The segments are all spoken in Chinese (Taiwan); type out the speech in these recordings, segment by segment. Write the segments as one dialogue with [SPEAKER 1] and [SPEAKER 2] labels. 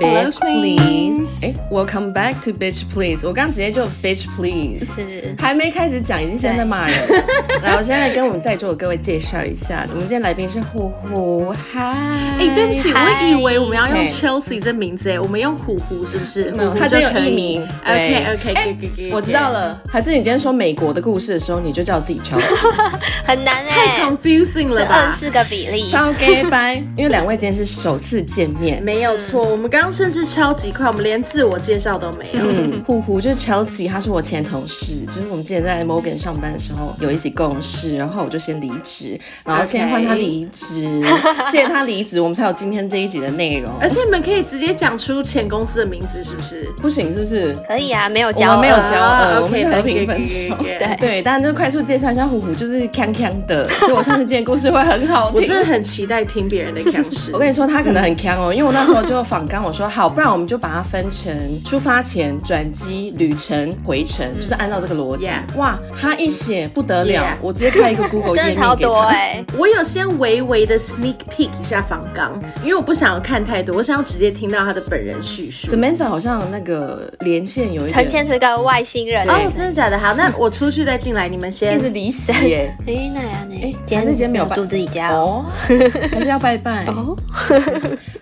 [SPEAKER 1] Bitch please，哎、hey，Welcome back to bitch please。我剛直接就 bitch please，是還沒開始講，已經現在罵人了。 然後我現在跟我們在座的各位介紹一下，我們今天來賓是胡胡嗨。哎、欸，對不起、Hi，我以為我們要用 Chelsea 這名字，哎、okay.，我們用胡胡是不是？嗯、胡胡就他就有藝名。OK OK OK、欸、我知道了、yeah.。還是你今天說美國的故事的時候，你就叫自己 Chelsea， 很難哎、欸，太 confusing 了吧？二個比例。超假掰，因為兩位今天是首次見面，沒有錯， 我們剛。甚至超級快，我們連自我介紹都沒有。嗯，胡胡就是 Chelsea，他是我前同事，就是我們之前在摩根上班的時候有一起共事，然後我就先離職，然後現在換他離職，okay. 謝謝他離職， 我們才有今天這一集的內容。而且你們可以直接講出前公司的名字，是不是？不行，是不是？可以啊，沒有交，我們沒有交惡，uh, uh, uh, okay, 我們可以和平分手。對、okay, okay, okay, okay, okay. 對，當然就快速介紹一下胡胡，胡胡就是 Kang Kang 的，所以我上次見故事會很好聽。 我真的很期待聽別人的 Kang 故事。 我跟你說，他可能很 Kang 哦、喔，因為我那時候就仿剛我。說好，不然我們就把它分成出發前、轉機、旅程、回程，嗯、就是按照這個邏輯、嗯。哇，他一寫不得了、嗯，我直接看一個 Google 頁、嗯、面給他。真的超多哎、欸！我有先微微的 sneak peek 一下訪綱，因為我不想要看太多，我想要直接聽到他的本人敘述。Samantha 好像那個連線有點一點成千成個外星人哦，真的假的？好，那我出去再進來，你們先。嗯理欸、這是離席。哎，
[SPEAKER 2] 哪你呢？還是今天沒、啊、有住自
[SPEAKER 1] 己家哦？還是要拜拜。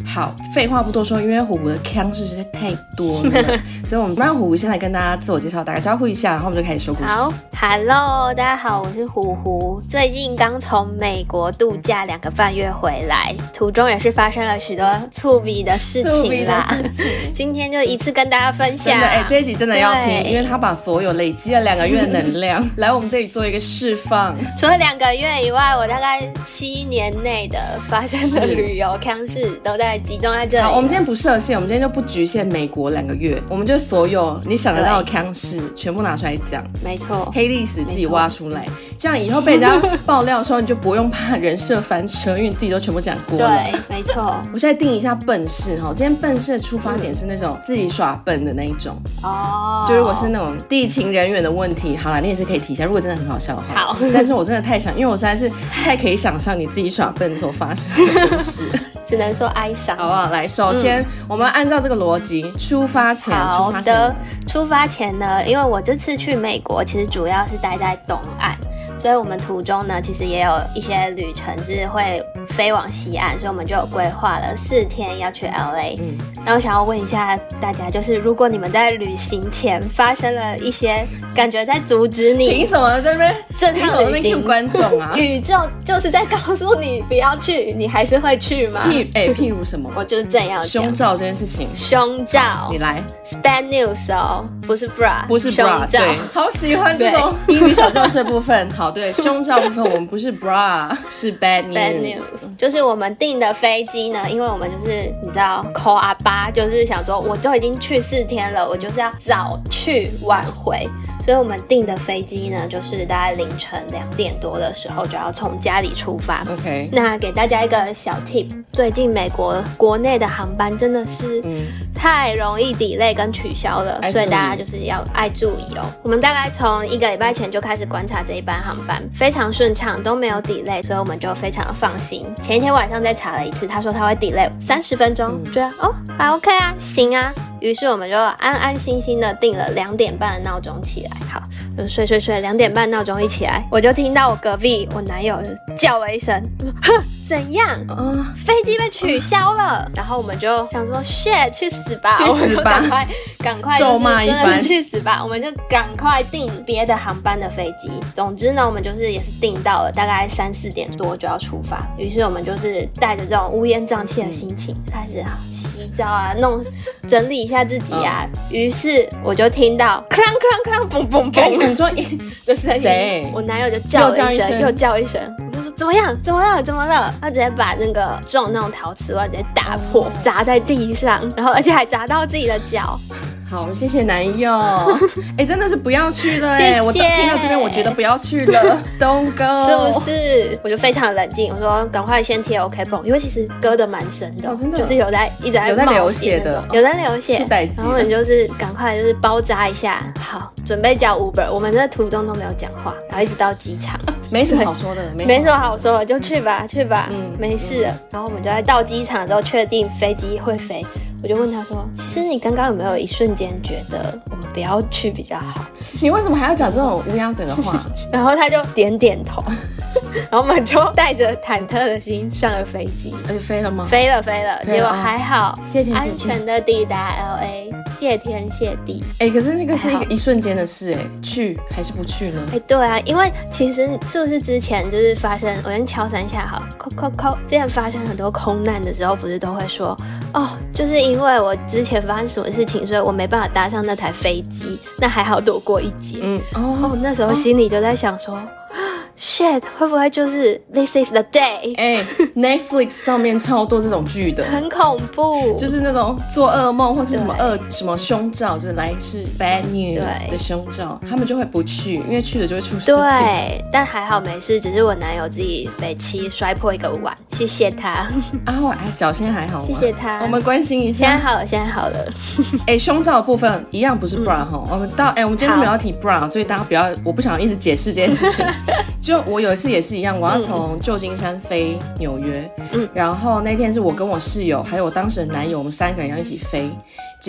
[SPEAKER 1] 好，廢話不多說，因為。胡胡的 kiang 事實在太多了，所以我們讓胡胡先來跟大家自我介紹，打個招呼一下，然後我們就
[SPEAKER 2] 可以開始說故事。好，Hello，大家好，我是胡胡，最近剛從美國度假兩個半月回來，途中也是發生了許多猝鼻的事情啦事情。今天就一次跟大家分享。哎、欸，這一集真的要聽，因為他把所有累積了兩個月的能量來我們這裡做一個釋放。 除了兩個月以外，我大概七年內的發生的旅遊 kiang 事都在集中在這裡。好，我們今天
[SPEAKER 1] 不是。 我們今天就不局限美國兩個月，我們就所有你想得到的 kiang 事全部拿出來講。沒錯，黑歷史自己挖出來，這樣以後被人家爆料的時候， 你就不用怕人設翻車，因為你自己都全部講過了。對，沒錯。我現在定一下笨事哈，今天笨事的出發點是那種自己耍笨的那一種。
[SPEAKER 2] 哦。就如果是
[SPEAKER 1] 那種地勤人員的問題，好了，你也是可以提一下。如果真的很好笑的話。好。但是我真的太想，因為我實在是太可以想象你自己耍笨所發生的事。 只能說哀傷，好不好？來，首先、嗯、我們按
[SPEAKER 2] 照這個邏輯，出發前。好的，出發前呢，因為我這次去美國，其實主要是待在東岸，所以我們途中呢，其實也有一些旅程是會。飛往西岸，所以我們就有規劃了四天要去 LA。嗯，那我想要問一下大家，就是如果你們在旅行前發生了一些感覺在阻止你，憑什麼在那邊震撼人心觀眾啊？ 宇宙就是在告
[SPEAKER 1] 訴你不要去， 你還是會去嗎？譬、欸、譬如什麼？ 我就是正要講胸罩這件事情。
[SPEAKER 2] 胸罩，你來是 bad news 哦，不是 bra，不是 bra，胸罩，對，對，好
[SPEAKER 1] 喜歡這種英語小教室的部分。好，對，胸罩部分我們不是 bra， 是 bad news。Bad news
[SPEAKER 2] 就是我們訂的飛機呢，因為我們就是你知道摳阿巴，就是想說我就已經去四天了，我就是要早去晚回，所以我們訂的飛機呢，就是大概凌晨兩點多的時候就要從家裡出發。OK，那給大家一個小 tip，最近美國國內的航班真的是太容易 delay 跟取消了，所以大家就是要愛注意哦。我們大概從一個禮拜前就開始觀察這一班航班，非常順暢，都沒有 delay，所以我們就非常的放心。前一天晚上再查了一次，他說他會 delay 三十分鐘，覺、嗯、得哦還 OK 啊，行啊，於是我們就安安心心的定了兩點半的鬧鐘起來。好，就睡睡睡，兩點半鬧鐘一起來，我就聽到我隔壁我男友就叫了一聲，哼。怎樣？呃、飛機被取消了。呃，然後我們就想說，shit，去死吧！去死吧！趕快，趕快咒罵，一番，去死吧！我們就趕快訂別的航班的飛機。總之呢，我們就是也是訂到了，大概三四點多就要出發。於是我們就是帶着這種烏煙瘴氣的心情，嗯、開始、啊、洗澡啊，弄整理一下自己啊。於、嗯、是我就聽到 clang clang clang，嘣嘣嘣，你、嗯、說那聲音，誰？ 我男友就叫了一聲，又叫一聲。又叫一聲怎麼樣？怎麼了？怎麼了？他直接把那個撞那種陶瓷，直接打破，砸在地上，然後而且還砸到自己的腳。好，我們謝謝男友。
[SPEAKER 1] 哎、 欸，真的是不要去了哎、欸！我聽到這邊，我覺得不要去了。
[SPEAKER 2] Don't go，是不是？我就非常冷靜，我說趕快先貼 OK 繃，因為其實割的蠻深、哦、的，就是有在一直在，在流血的，有在流血。哦、然後我們就是趕快就是包紮一下，好，準備叫 Uber。我們在途中都沒有講話，然後一直到機場 沒，沒什麼好說的，沒沒什麼好說的，就去吧、嗯，去吧，嗯，沒事。然後我們就在到機場的時候確定飛機會飛。我就問他說：“其實你剛剛有沒有一瞬間覺得我們不要去比較好？你為什麼還要講這種烏鴉嘴的話？” 然後他就點點頭， 然後我們就帶着忐忑的心上了飛機、欸。飛了嗎？飛了？飛了，飛了。結果還好，安、啊、全安全的抵達 LA。謝天謝地，
[SPEAKER 1] 哎、欸，可是那個是一個一瞬間的事，欸，哎，去
[SPEAKER 2] 還是不去呢？哎、欸，對啊，因為其實是不是之前就是發生，我先敲三下，好，扣扣扣，之前發生很多空難的時候，不是都會說，哦，就是因為我之前發生什麼事情，所以我沒辦法搭上那台飛機，那還好躲過一劫，嗯哦，哦，那時候心裡就在想說，哦 shit 會不會就是 This is the day？哎、
[SPEAKER 1] 欸、，Netflix 上面超多這種劇的， 很恐怖，就是那種做噩夢或是什麼惡什麼胸罩，就是來自 Bad News 的胸罩，他們就會不去，因為去了就會出事對，
[SPEAKER 2] 但還好沒事，只是我男友自己每期摔破一個碗，謝謝他。 啊，哎，腳現在還好嗎？謝謝他，我們關心一下。現在好，現
[SPEAKER 1] 在好了。哎、 欸，胸罩部分一樣不是 bra 哈、嗯，我們到哎、欸，我們今天都沒有要提 bra，所以大家不要，我不想一直解釋這件事情。 就我有一次也是一樣，我要從舊金山飛紐約，嗯，然後那天是我跟我室友還有我當時的男友，我們三個人要一起飛。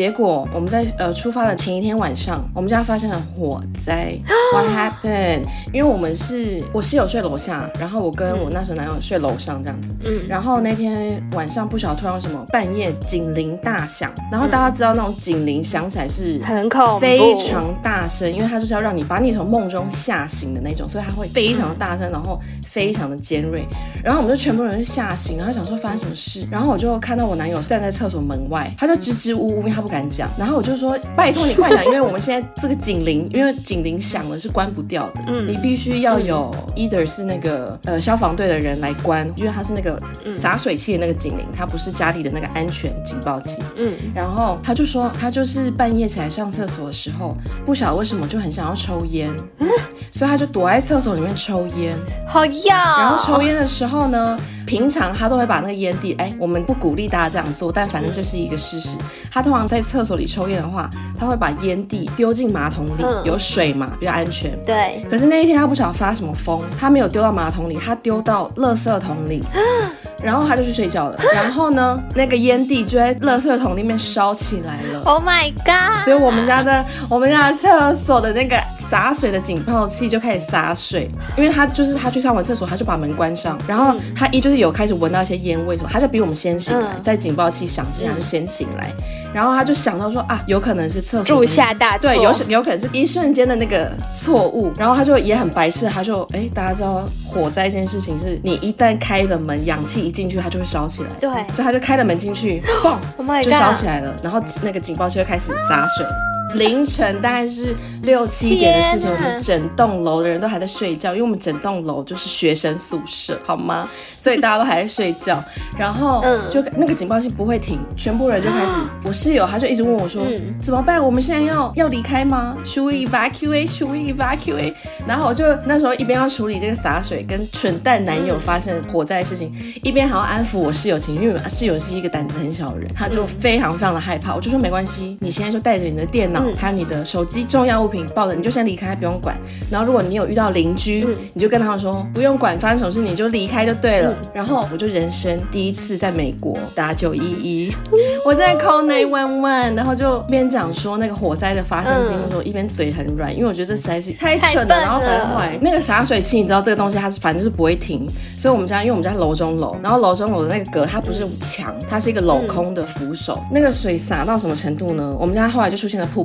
[SPEAKER 1] 結果我們在呃出發的前一天晚上，我們家發生了火災。What happened？因為我們是，我室友睡樓下，然後我跟我那時候男友睡樓上這樣子。嗯。然後那天晚上不曉得突然什麼，半夜警鈴大響。然後大家知道那種警鈴響起來是很恐怖，非常大聲，因為他就是要讓你把你從夢中嚇醒的那種，所以他會非常大聲，然後非常的尖銳。然後我們就全部人嚇醒，然後想說發生什麼事。然後我就看到我男友站在廁所門外，他就支支吾吾，他。不敢講，然後我就說拜托你快講，因為我們現在這個警鈴， 因為警鈴響了是關不掉的，嗯，你必須要有，either 是那個呃消防隊的人來關，因為他是那個灑水器的那個警鈴，他不是家裡的那個安全警報器，嗯， 然後他就說他就是半夜起來上廁所的時候，不曉得為什麼就很想要抽煙，所以他就躲在廁所裡面抽煙，
[SPEAKER 2] 好呀，然後抽
[SPEAKER 1] 煙的時候呢。平常他都會把那個煙蒂，哎、欸，我們不鼓勵大家這樣做，但反正這是一個事實。他通常在廁所裡抽煙的話，他會把煙蒂丟進馬桶裡，有水嘛，比較安全。嗯、對。可是那一天他不曉得發什麼瘋，他沒有丟到馬桶裡，他丟到垃圾桶裡。然後他就去睡覺了。然後呢，那個菸蒂就在垃圾桶裡面燒起來了。Oh my god！所以我們家的我們家的廁所的那個灑水的警報器就開始灑水，因為他就是他去上完廁所，他就把門關上。然後他一就是有開始聞到一些煙味什麼，他就比我們先醒來，在警報器響之前就先醒來。然後他就想到說啊，有可能是廁所鑄下大錯對，有有可能是一瞬間的那個錯誤。然後他就也很白痴，他就哎，大家知道火災這件事情是，你一旦開了門，氧氣一。進去它就會燒起來，對，所以他就開了門進去，爆， oh、就燒起來了，然後那個警報器就開始砸水。凌晨大概是六七點的事情，我們整棟樓的人都還在睡覺，因為我們整棟樓就是學生宿舍，好嗎？所以大家都還在睡覺， 然後就那個警報器不會停，全部人就開始、啊，我室友他就一直問我說：“嗯、怎麼辦？我們現在要要離開嗎？”“Should we evacuate, should we evacuate。”然後我就那時候一邊要處理這個灑水跟蠢蛋男友發生火災的事情，嗯、一邊還要安撫我室友情緒，因為室友是一個膽子很小的人、嗯，他就非常非常的害怕，我就說：“沒關係，你現在就帶着你的電腦。”還有你的手機重要物品，抱着你就先離開，不用管。然後如果你有遇到鄰居、嗯，你就跟他們說不用管發生什麼事，你就離開就對了、嗯。然後我就人生第一次在美國打九一一，我在 call 911，、嗯、然後就邊講說那個火災的發生經過，嗯、一邊嘴很軟，因為我覺得這實在是太蠢了。了然後反正後來，那個灑水器，你知道這個東西它是反正是不會停，所以我們家，因為我們家樓中樓，然後樓中樓的那個隔它不是牆，它是一個鏤空的扶手，嗯、那個水灑到什麼程度呢？我們家後來就出現了瀑布。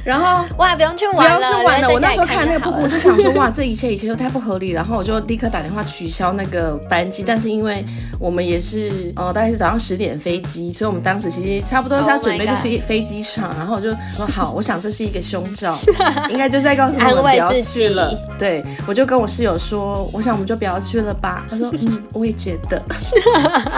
[SPEAKER 2] 然後哇，不用去玩了，不用去玩了。家在家我那時候看，看，看那個瀑布，我就想說 哇，
[SPEAKER 1] 這一切一切都太不合理。然後我就立刻打電話取消那個班機。但是因為我們也是呃，大概是早上十點飛機，所以我們當時其實差不多是要準備去飛飛機場。Oh、然後我就我說好，我想這是一個凶兆。 應該就在告訴我們不要去了。 對，我就跟我室友說，我想我們就不要去了吧。他說嗯，我也覺得。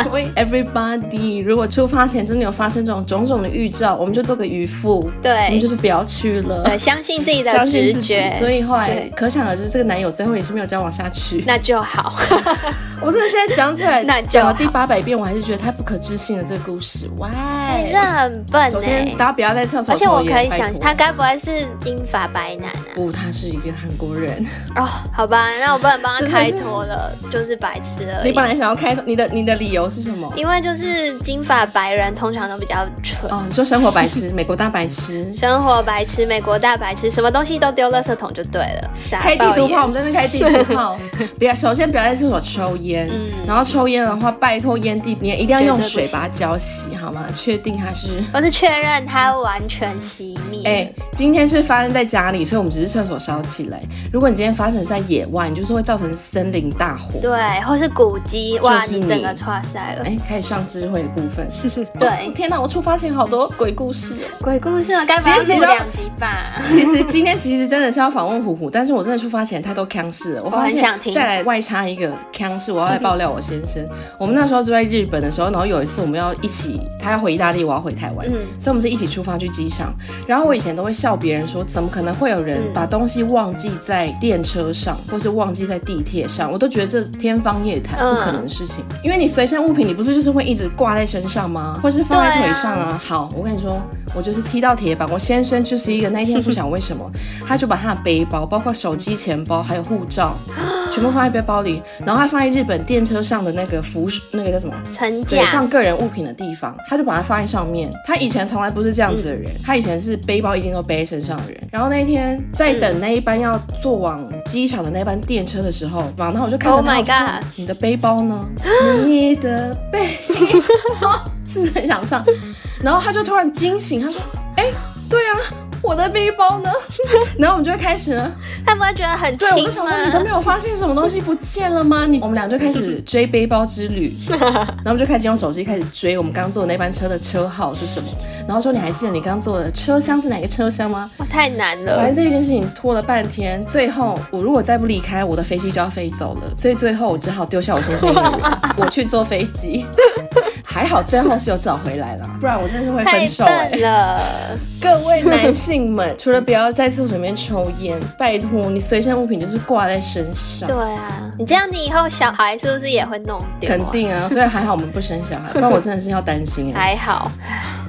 [SPEAKER 1] 喂 ，everybody，如果出發前真的有發生這種種種的預兆，我們就做個漁夫。 對，我們就是不要去。去、嗯、了，相信自己的直覺，所以後來可想而知，這個男友最後也是沒有交往下去。那就好， 我真的現在講起來，講了第八百遍，我還是覺得太不可置信了。這個故事，
[SPEAKER 2] 哇！你、欸、真的很笨哎、欸！大家
[SPEAKER 1] 不要在廁所抽
[SPEAKER 2] 菸。而且我可以想，他該不會是金髮白男、啊？不，他是一個韓國人。哦，好吧，那我不能幫他開脫了， 就是白痴了。你本來
[SPEAKER 1] 想要開脫，你的你的理由是什麼？
[SPEAKER 2] 因為就是金髮白人通常都比較蠢。哦，你說生活白痴，
[SPEAKER 1] 美國大白痴。
[SPEAKER 2] 生活白痴，美國大白痴，什麼東西都丟垃圾桶就對了。傻開地圖炮，我們這邊開地圖炮 。
[SPEAKER 1] 不要，首先不要在廁所抽菸。嗯。然後抽菸的話，拜托菸蒂你一定要用水把它澆熄好嗎？確定。定它是，我是確認他完全熄滅。哎、欸，今天是發生在家裡，所以我們只是廁所燒起來。如果你今天發生在野外，你就是會造成森林大火，
[SPEAKER 2] 對，或是古蹟、就是、哇，你整個 c o 塞
[SPEAKER 1] 了。哎、欸，開始上智慧的部分。 對，哦、天吶，我出發前好多鬼故事，鬼故事啊，幹嘛？其實兩
[SPEAKER 2] 集吧。其實, 其實今
[SPEAKER 1] 天其實真的是要訪問虎虎，但是我真的出發前他都 c a n e l 了我發現。我很想聽，再來外插一個 c a n e l 我要來爆料我先生。 我們那時候住在日本的時候，然後有一次我們要一起，他要回答。我要回台灣、嗯，所以我們是一起出發去機場。然後我以前都會笑別人說，怎麼可能會有人把東西忘記在電車上，嗯、或是忘記在地鐵上？我都覺得這天方夜譚，不可能的事情。嗯、因為你隨身物品，你不是就是會一直掛在身上嗎？或是放在腿上啊，啊？好，我跟你說，我就是踢到鐵板。我先生就是一個那一天不想為什麼， 他就把他的背包，包括手機、錢包，還有護照。嗯全部放在背包裡，然後他放在日本電車上的那個扶手那個叫什麼？層架，對放個人物品的地方。他就把它放在上面。他以前從來不是這樣子的人、嗯，他以前是背包一定都背在身上的人。然後那一天在等那一班要坐往機場的那班電車的時候，嗯、然後我就看到，Oh my God，你的背包呢？ 你的背包，是 不 是很想上？然後他就突然驚醒，他說：“哎、欸，對啊。”我的背包呢？ 然後我們就會開始呢，
[SPEAKER 2] 他不會覺得很
[SPEAKER 1] 輕嗎？對？我都想說，你都沒有發現什麼東西不見了嗎？你我們倆就開始追背包之旅， 然後就開始用手機開始追我們剛坐的那班車的車號是什麼？然後說，你還記得你剛坐的車廂是哪個車廂嗎？哇，太難了！反正這一件事情拖了半天，最後我如果再不離開，我的飛機就要飛走了。所以最後我只好丟下我先生一個人， 我去坐飛機。還好最後是有找回來了，不然我
[SPEAKER 2] 真的是會分手欸。太難
[SPEAKER 1] 了，各位男性。門除了不要在廁所裡面抽煙，拜託你隨身物品就是掛在身上。對
[SPEAKER 2] 啊，你這樣，你以後小孩是不是也會弄掉？肯定啊，所以
[SPEAKER 1] 還好我們不生小孩， 但我真的是要擔心啊。還好。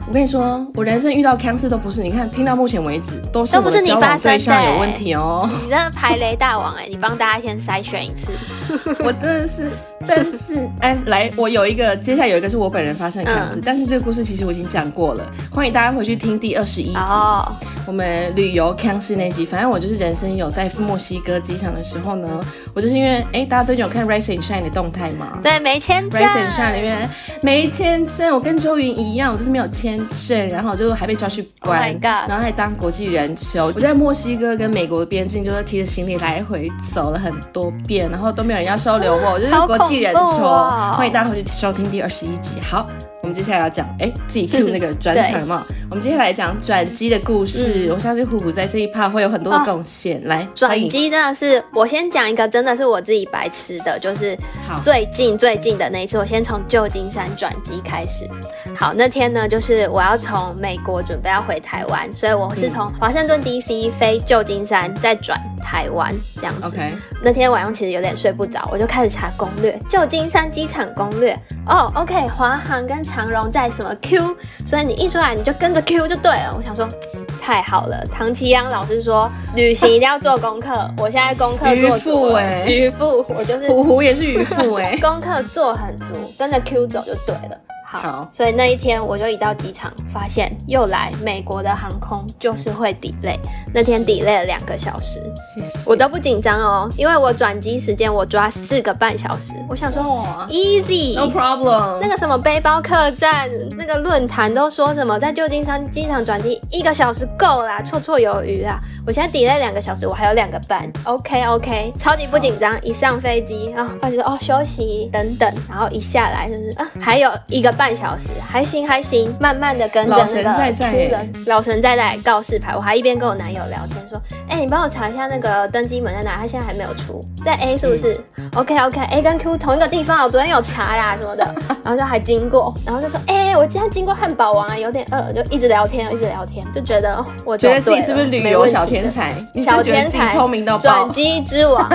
[SPEAKER 1] 我跟你說，我人生遇到 kiang 事都不是，你看聽到目前為止都是我交往的對象有問題哦。都不是你發生的、欸、
[SPEAKER 2] 你真的排雷大王哎、欸， 你幫大家先篩選一次。 我真的是，
[SPEAKER 1] 但是哎、欸，來，我有一個，接下來有一個是我本人發生的 kiang 事、嗯，但是這個故事其實我已經講過了，歡迎大家回去聽第二十一集、哦，我們旅遊 kiang 事那集。反正我就是人生有在墨西哥機場的時候呢。我就是因為，哎、欸，大家最近有看《Rice and Shine》的動態嗎？對，沒簽證。《Rice and Shine》裡面沒簽證，我跟周雲一樣，我就是沒有簽證，然後就還被抓去關，oh、然後還當國際人球，我在墨西哥跟美國的邊境，就是提着行李來回走了很多遍，然後都沒有人要收留過 我，就是國際人球、哦。歡迎大家回去收聽第二十一集，好。我們接下來要講，哎、欸，自己 q 那個轉場嘛， 我們接下來講轉機的故事、嗯。我相信胡胡在這一趴會有很多的貢獻、哦。來，轉機
[SPEAKER 2] 真的是我先講一個，真的是我自己白痴的，就是最近最近的那一次。我先從舊金山轉機開始。好，那天呢，就是我要從美國準備要回台灣，所以我是從華盛頓 D.C. 飛舊金山，再轉台灣這樣子。OK，那天晚上其實有點睡不着，我就開始查攻略，舊金山機場攻略。哦、oh,，OK，華航跟長榮在什麼 Q，所以你一出來你就跟着 Q 就對了。我想說，嗯、太好了，唐綺陽老師說旅行一定要做功課， 我現在功課做足了。漁夫漁夫，我就是胡胡也是漁夫誒，功課做很足，跟着 Q 走就對了。好，所以那一天我就一到機場，發現又來美國的航空就是會抵 y 那天抵 y 了兩個小時，謝謝我都不緊張哦，因為我轉機時間我抓四個半小時，我想說、oh, easy no problem。那個什麼背包客棧那個論壇都說什麼在舊金山機場轉機一個小時夠啦，綽綽有餘啊。我現在抵 y 兩個小時，我還有兩個班，OK OK，超級不緊張。Oh. 一上飛機啊，就、哦、覺說哦休息等等，然後一下來是不是啊，還有一個半。半小時還行還行，慢慢的跟着那個老神在在、欸，老神在在告示牌，我還一邊跟我男友聊天說，哎、欸，你幫我查一下那個登機門在哪？他現在還沒有出，在 A 是不是、嗯、？OK OK，A 跟 Q 同一個地方，我昨天有查啦什麼的，然後就還經過，然後就說，哎、欸，我今天經過漢堡王啊，有點餓，就一直聊天一直聊天，就覺得我覺得自己是不是旅遊小天才，小天才，聰明到爆，轉機之王，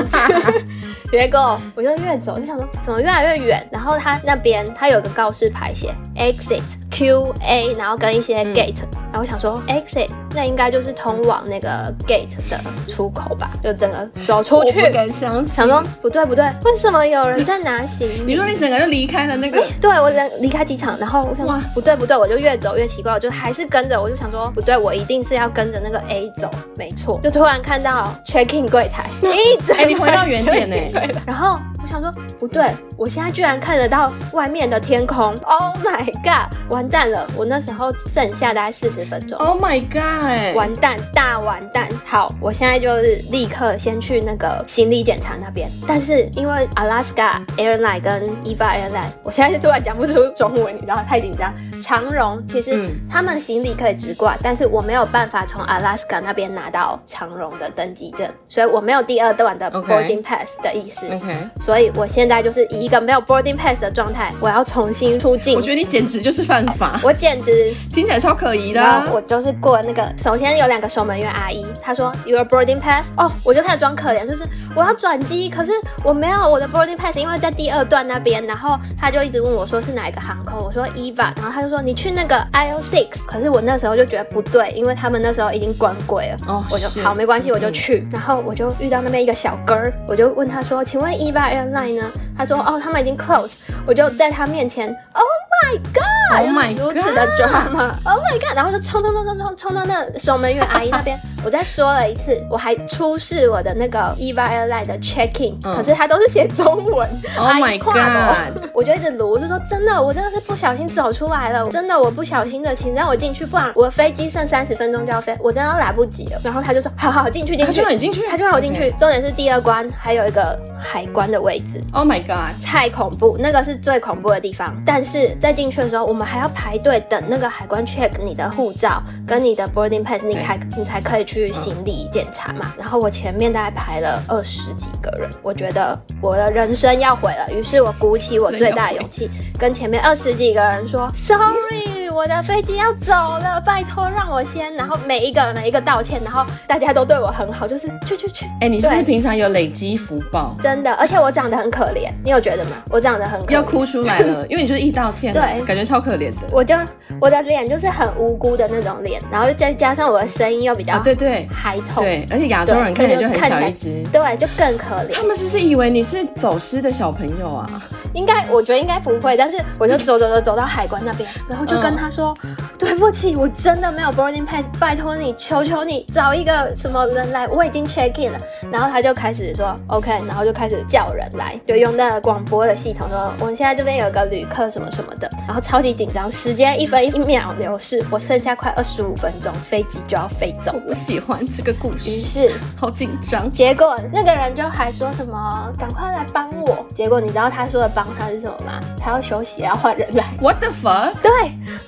[SPEAKER 2] 結果我就越走就想說，怎麼越來越遠，然後他那邊他有個告示牌。exit Q A，然後跟一些 gate、嗯、然後我想說 exit，那應該就是通往那個 gate 的出口吧？嗯、就整個走出去，我不敢想。想說不對不對，為什麼有人在拿行李？你，你說你整個就離開了那個、欸？對，我人離開機場，然後我想說，哇，不對不對，我就越走越奇怪，我就還是跟着，我就想說不對，我一定是要跟着那個 A 走，沒錯，就突然看到 check-in 櫃台，哎、 欸，你回到原點呢、欸？然後。我想說不對，我現在居然看得到外面的天空！Oh my god，完蛋了！我那時候剩下大概四十分鐘！Oh my god，完蛋，大完蛋！好，我現在就是立刻先去那個行李檢查那邊。但是因為 Alaska Airline 跟 Eva Airline，我現在是突然講不出中文，你知道太緊張。長榮其實他們行李可以直掛、嗯，但是我沒有辦法從 Alaska 那邊拿到長榮的登機證，所以我沒有第二段的 boarding pass、okay. 的意思。Okay. 所以我現在就是以一個沒有 boarding pass 的狀態，我要重新出境。我覺得你簡直就是犯法，嗯、我簡直聽起來超可疑的、啊。然後我就是過那個，首先有兩個守門員阿姨，她說 your boarding pass 哦、oh,，我就開始裝可憐，就是我要轉機，可是我沒有我的 boarding pass，因為在第二段那邊。然後他就一直問我說是哪一個航空，我說 EVA，然後他就說你去那個 IO Six，可是我那時候就覺得不對，因為他們那時候已經關櫃了。哦、oh,，我就好沒關係，我就去。然後我就遇到那邊一個小哥兒，我就問他說，請問 EVA。line 呢？他說哦，他們已經 close，我就在他面前，Oh my God，Oh my God，如此的 drama、啊、Oh my God，然後就冲冲冲冲冲衝到那守門員阿姨那邊。 我再說了一次，我還出示我的那個 Eva Airline 的 check in，g、嗯、可是他都是寫中文，Oh my God， 我就一直盧，我就說真的，我真的是不小心走出來了，真的我不小心的，請讓我進去，不然我飛機剩三十分鐘就要飛，我真的要來不及了。然後他就說好好進去進去，他就讓我進去，他就讓我進去。Okay. 重點是第二關還有一個海關的問。Oh my God，太恐怖，那個是最恐怖的地方。但是在進去的時候，我們還要排隊等那個海關 check 你的護照跟你的 boarding pass，你才、hey. 你才可以去行李檢查嘛。Okay. 然後我前面大概排了二十幾個人，我覺得我的人生要毀了。於是我鼓起我最大的勇氣，跟前面二十幾個人說 ，Sorry。我的飛機要走了，拜託讓我先。然後每一個每一個道歉，然後大家都對我很好，就是去去去。哎、欸，你是不是平常有
[SPEAKER 1] 累積福報，
[SPEAKER 2] 真的。而且我長得很可憐，你有覺得嗎？我長得很要哭出來了， 因為你就是一道歉，對，
[SPEAKER 1] 感覺超可憐的。
[SPEAKER 2] 我就我的臉就是很無辜的那種臉，然後再加上我的聲音又比較 tone,、啊、對對孩童，對，而且亞洲人看起來就很小一隻，對，對，就更可憐。他們是不是以為你是走失的小朋友啊？應該，我覺得應該不會。但是我就走走走走到海關那邊，然後就跟、嗯。他說：“對不起，我真的沒有 boarding pass，拜托你，求求你，找一個什麼人來，我已經 check in 了。”然後他就開始說：“OK”，然後就開始叫人來，就用那個廣播的系統說：“我們現在這邊有個旅客什麼什麼的。”然後超級緊張，時間一分一秒流逝，我剩下快二十五分鐘，飛機就要飛走。我喜歡這個故事，於是好緊張。結果那個人就還說什麼：“趕快來幫我！”結果你知道他說的幫他是什麼嗎？他要休息，要換人來。What the fuck？對。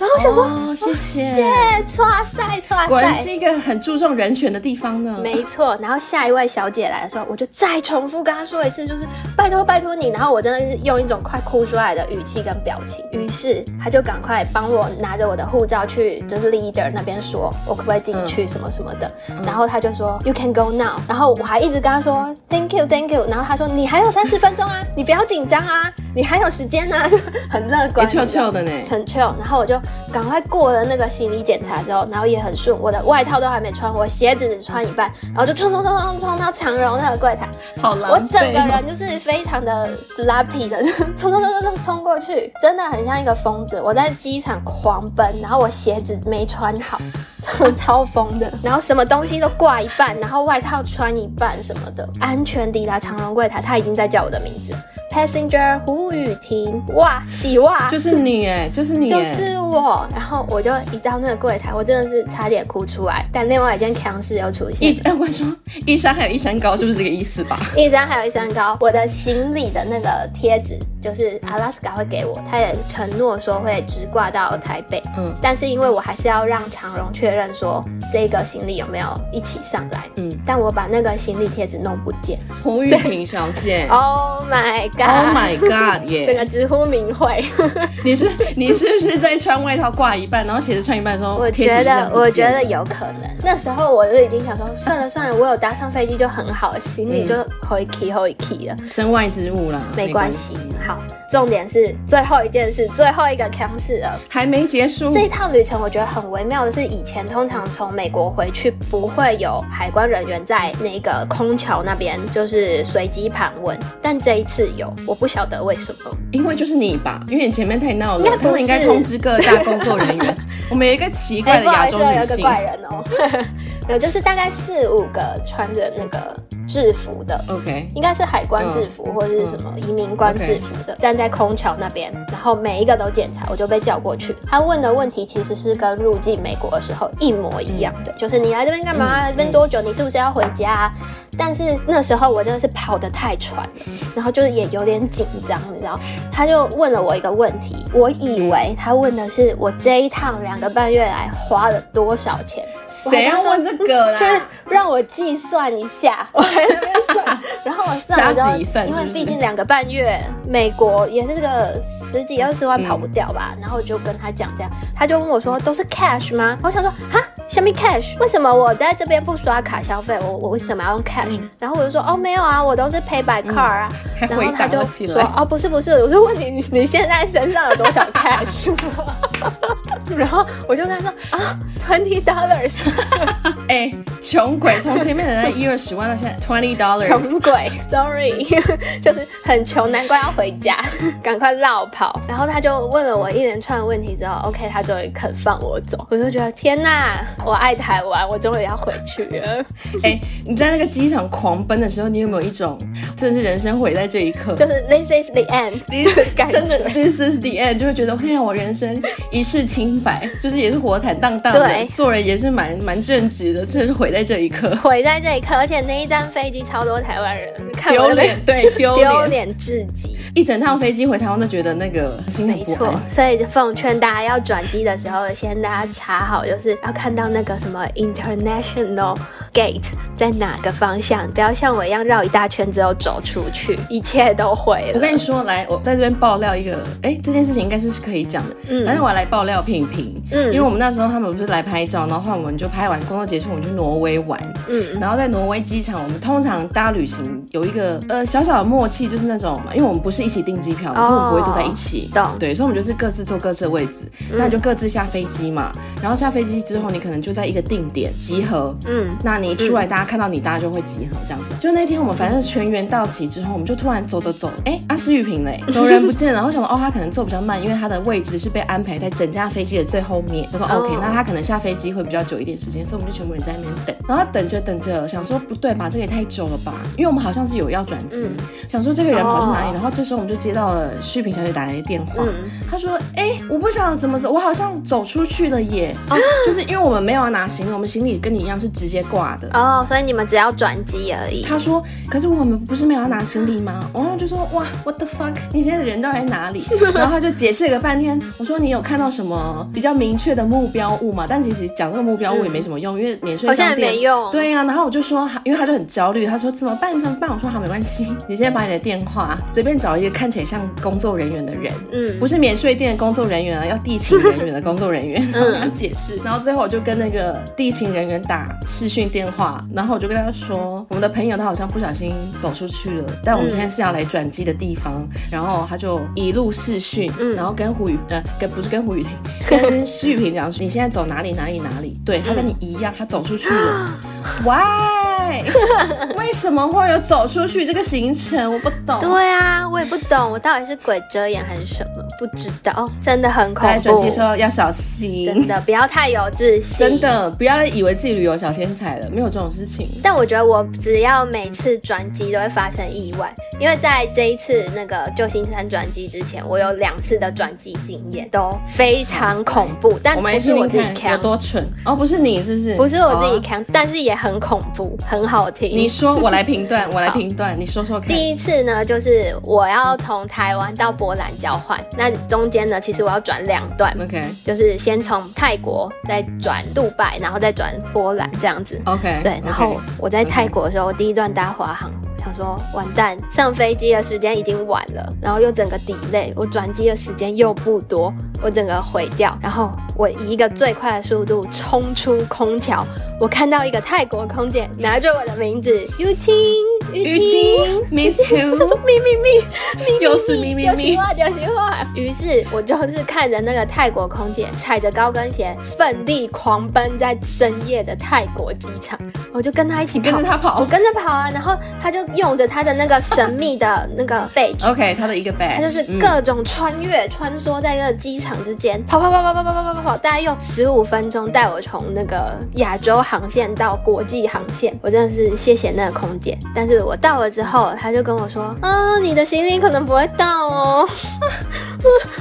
[SPEAKER 2] 然後我想說，哦，謝謝，哇塞，哇塞，果然是一個很注重人權的地方呢。沒錯，然後下一位小姐來的時候，我就再重複跟她說一次，就是拜托拜托你。然後我真的是用一種快哭出來的語氣跟表情。於是他就趕快幫我拿着我的護照去就是 leader 那邊說，我可不可以進去什麼什麼的。嗯，然後他就說，嗯，you can go now。然後我還一直跟他說，thank you，thank you，thank you. 然後他說，你還有三十分鐘啊， 你不要緊張啊，你還有時間啊，就 很樂觀，很 chill 的呢，很 chill。然後我就。趕快過了那個行李檢查之後，然後也很順，我的外套都還沒穿，我鞋子只穿一半，然後就冲冲冲冲衝到長榮那個櫃檯，好了，哦，我整個人就是非常的 sloppy 的，就冲冲冲冲衝過去，真的很像一個瘋子，我在機場狂奔，然後我鞋子沒穿好。超超瘋的， 然後什麼東西都掛一半，然後外套穿一半什麼的， 安全抵達長榮櫃檯，他已經在叫我的名字。Passenger 胡雨婷，哇，洗哇，就是你耶，就是你，就是我。然後我就一到那個櫃檯，我真的是差點哭出來。但另外一件鏘事又出現，哎、呃，我說一山還有一山高，就是這個意思吧？ 一山還有一山高，我的行李的那個貼紙。就是 Alaska 會給我，他也承諾說會直掛到台北。嗯，但是因為我還是要讓長榮確認說這個行李有沒有一起上來。嗯，但我把那個行李貼紙弄不見。胡玉婷小姐。Oh my god. Oh my god 耶、yeah。整個
[SPEAKER 1] 直呼名諱。 你是你是不是在穿外套掛一半，然後鞋子穿一半的時候？我覺得我覺得有可
[SPEAKER 2] 能。那時候我就已經想說，算了算了， 我有搭上飛機就很好，行李就後一 key 後一 key 了。身外之物啦，沒關係。哦、重點是最後一件事，最後一個 kiang 事了，還沒結束。這一趟旅程我覺得很微妙的是，以前通常從美國回去不會有海關人員在那個空橋那邊，就是隨機盤問，但這一次有，我不曉得為什麼。
[SPEAKER 1] 因為就是你吧，因為你前面太鬧了不，他們應該通知各個大工作人員。
[SPEAKER 2] 我們有一個奇怪的亞洲旅行、欸、有一個怪人哦。 有就是大概四五個穿着那個制服的，OK，應該是海關制服、oh. 或者是什麼移民官制服的，okay. 站在空橋那邊，然後每一個都檢查，我就被叫過去。他問的問題其實是跟入境美國的時候一模一樣的，就是你來這邊幹嘛？嗯、來這邊多久？你是不是要回家？但是那時候我真的是跑得太喘了，然後就是也有點緊張，你知道？他就問了我一個問題，我以為他問的是我這一趟兩個半月來花了多少錢。誰要問這個啦？ 讓我計算一下，我還沒算。 然後我算，我就因為畢竟兩個半月。美國也是這個十幾二十萬跑不掉吧？嗯、然後我就跟他講這樣，他就問我說：“都是 cash 嗎？”我想說：“哈，蝦米 cash？為什麼我在這邊不刷卡消費？我我為什麼要用 cash？”、嗯、然後我就說：“哦，沒有啊，我都是 pay by card 啊。嗯”然後他就說：“哦，不是不是，我就問你，你，你現在身上有多少 cash？” 然後我就跟
[SPEAKER 1] 他說：“啊，twenty dollars。$20 欸”哎，窮鬼，從前面的那一二十
[SPEAKER 2] 萬到現在 twenty dollars，窮鬼，sorry， 就是很窮，難怪要。回家，趕快落跑。然後他就問了我一連串的問題之後，OK，他終於肯放我走。我就覺得天哪，我愛台灣，我終於要回去了。哎、 欸，你在那個機
[SPEAKER 1] 場狂奔的時候，你有沒有一種真的是人生毀在這一刻？就是 This is the end，this, 感真的 This is the end，就會覺得哎、啊、我人生一世清白，就是也是活坦蕩蕩的，對做人也是蠻蠻正直的，真的是毀在這一刻，毀在這一刻。而且那一
[SPEAKER 2] 站飛機超多台灣人，看丟臉，對，丟臉， 丟臉至極。一整趟飛機回台灣都覺得那個心很不安。所以奉勸大家要轉機的時候，先大家查好，就是要看到那個什麼 international gate 在哪個方向，不要像我一樣繞一大圈之後走出去，一切都毀了。我跟你說，來，我在
[SPEAKER 1] 這邊爆料一個，哎、欸，這件事情應該是可以講的，嗯，但是我要來爆料品評，嗯，因為我們那時候他們不是來拍照，然後我們就拍完工作結束，我們去挪威玩，嗯，然後在挪威機場，我們通常大家旅行有一個呃小小的默契，就是那種，因為我們不。是一起訂機票，可是我們不會坐在一起。Oh, okay. 對，所以我們就是各自坐各自的位置，嗯、那你就各自下飛機嘛。然後下飛機之後，你可能就在一個定點集合。嗯，那你一出來，大家看到你，大家就會集合這樣子、嗯。就那天我們反正全員到齊之後，我們就突然走走走，哎、欸，阿詩玉萍嘞，有人不見了。然後想說，哦，他可能坐比較慢，因為他的位置是被安排在整架飛機的最後面。他說，OK，、oh. 那他可能下飛機會比較久一點時間，所以我們就全部人在那邊等。然後等着等着，想說不對吧，這個也太久了吧？因為我們好像是有要轉機、嗯，想說這個人跑去哪裡，oh. 然後這時候我們就接到了視平小姐打來的電話，嗯、她說：“哎、欸，我不曉得怎麼走，我好像走出去了耶、啊！就是因為我們沒有要拿行李，我們行李跟你一樣是直接掛的
[SPEAKER 2] 哦，所以你們只要轉機
[SPEAKER 1] 而已。”她說：“可是我們不是沒有要拿行李嗎？”我然後就說：“哇，What the fuck！你現在人都在哪裡？” 然後他就解釋了個半天。我說：“你有看到什麼比較明確的目標物嗎？”但其實講這個目標物也沒什麼用，嗯、因為免稅商店沒用。對呀、啊，然後我就說：“因為他就很焦慮，他說怎麼辦怎麼辦？”我說：“好，沒關係，你現在把你的電話隨便找。”找一個看起來像工作人員的人，嗯，不是免稅店工作人員啊，要地勤人員的工作人員，然後跟、 嗯、他解釋。然後最後我就跟那個地勤人員打視訊電話，然後我就跟他說，我們的朋友他好像不小心走出去了，但我們現在是要來轉機的地方。嗯、然後他就一路視訊，嗯、然後跟胡宇，呃，跟不是跟胡宇婷， 跟施玉萍講說，你現在走哪裡哪裡哪裡？對，他跟你一樣、嗯，他走出去了，哇、嗯。What?
[SPEAKER 2] 為什麼會有走出去這個行程？我不懂。 對啊，我也不懂。我到底是鬼遮眼還是什麼？ 不知道、哦，真的很恐怖。轉機說要小心， 真的不要太有自信， 真的不要以為自己旅遊小天才了，沒有這種事情。 但我覺得我只要每次轉機都會發生意外，因為在這一次那個舊金山轉機之前，我有兩次的轉機經驗都非常恐怖。但 不是我自己看 有多蠢 哦，不是你是不是？ 不是我自己看， 但是也很恐怖。很好聽，你說我來評斷，我來評斷， 你說說看。第一次呢，就是我要從台灣到波蘭交換，那中間呢，其實我要轉兩段，OK，就是先從泰國再轉杜拜，然後再轉波蘭這樣子，OK，對。然後我在泰國的時候，我第一段搭華航。Okay. 他說完蛋，上飛機的時間已經晚了，然後又整個 delay，我轉機的時間又不多，我整個毀掉。然後我以一個最快的速度衝出空橋，我看到一個泰國空姐拿着我的名字，於婷，於婷，Miss you，秘密，秘密，又是秘密，又是話，又是話。於是，我就是看着那個泰國空姐踩着高跟鞋奮力狂奔在深夜的泰國機場，我就跟他一起跟着他跑，我跟着跑啊，然後他就。用着他的那個神秘的那個 bag，OK 他的一個 bag，他就是各種穿越穿梭在一個機場之間，跑、嗯、跑跑跑跑跑跑跑跑，大概用十五分鐘帶我從那個亞洲航線到國際航線，我真的是謝謝那個空姐。但是我到了之後，他就跟我說， 啊，你的行李可能不會到哦，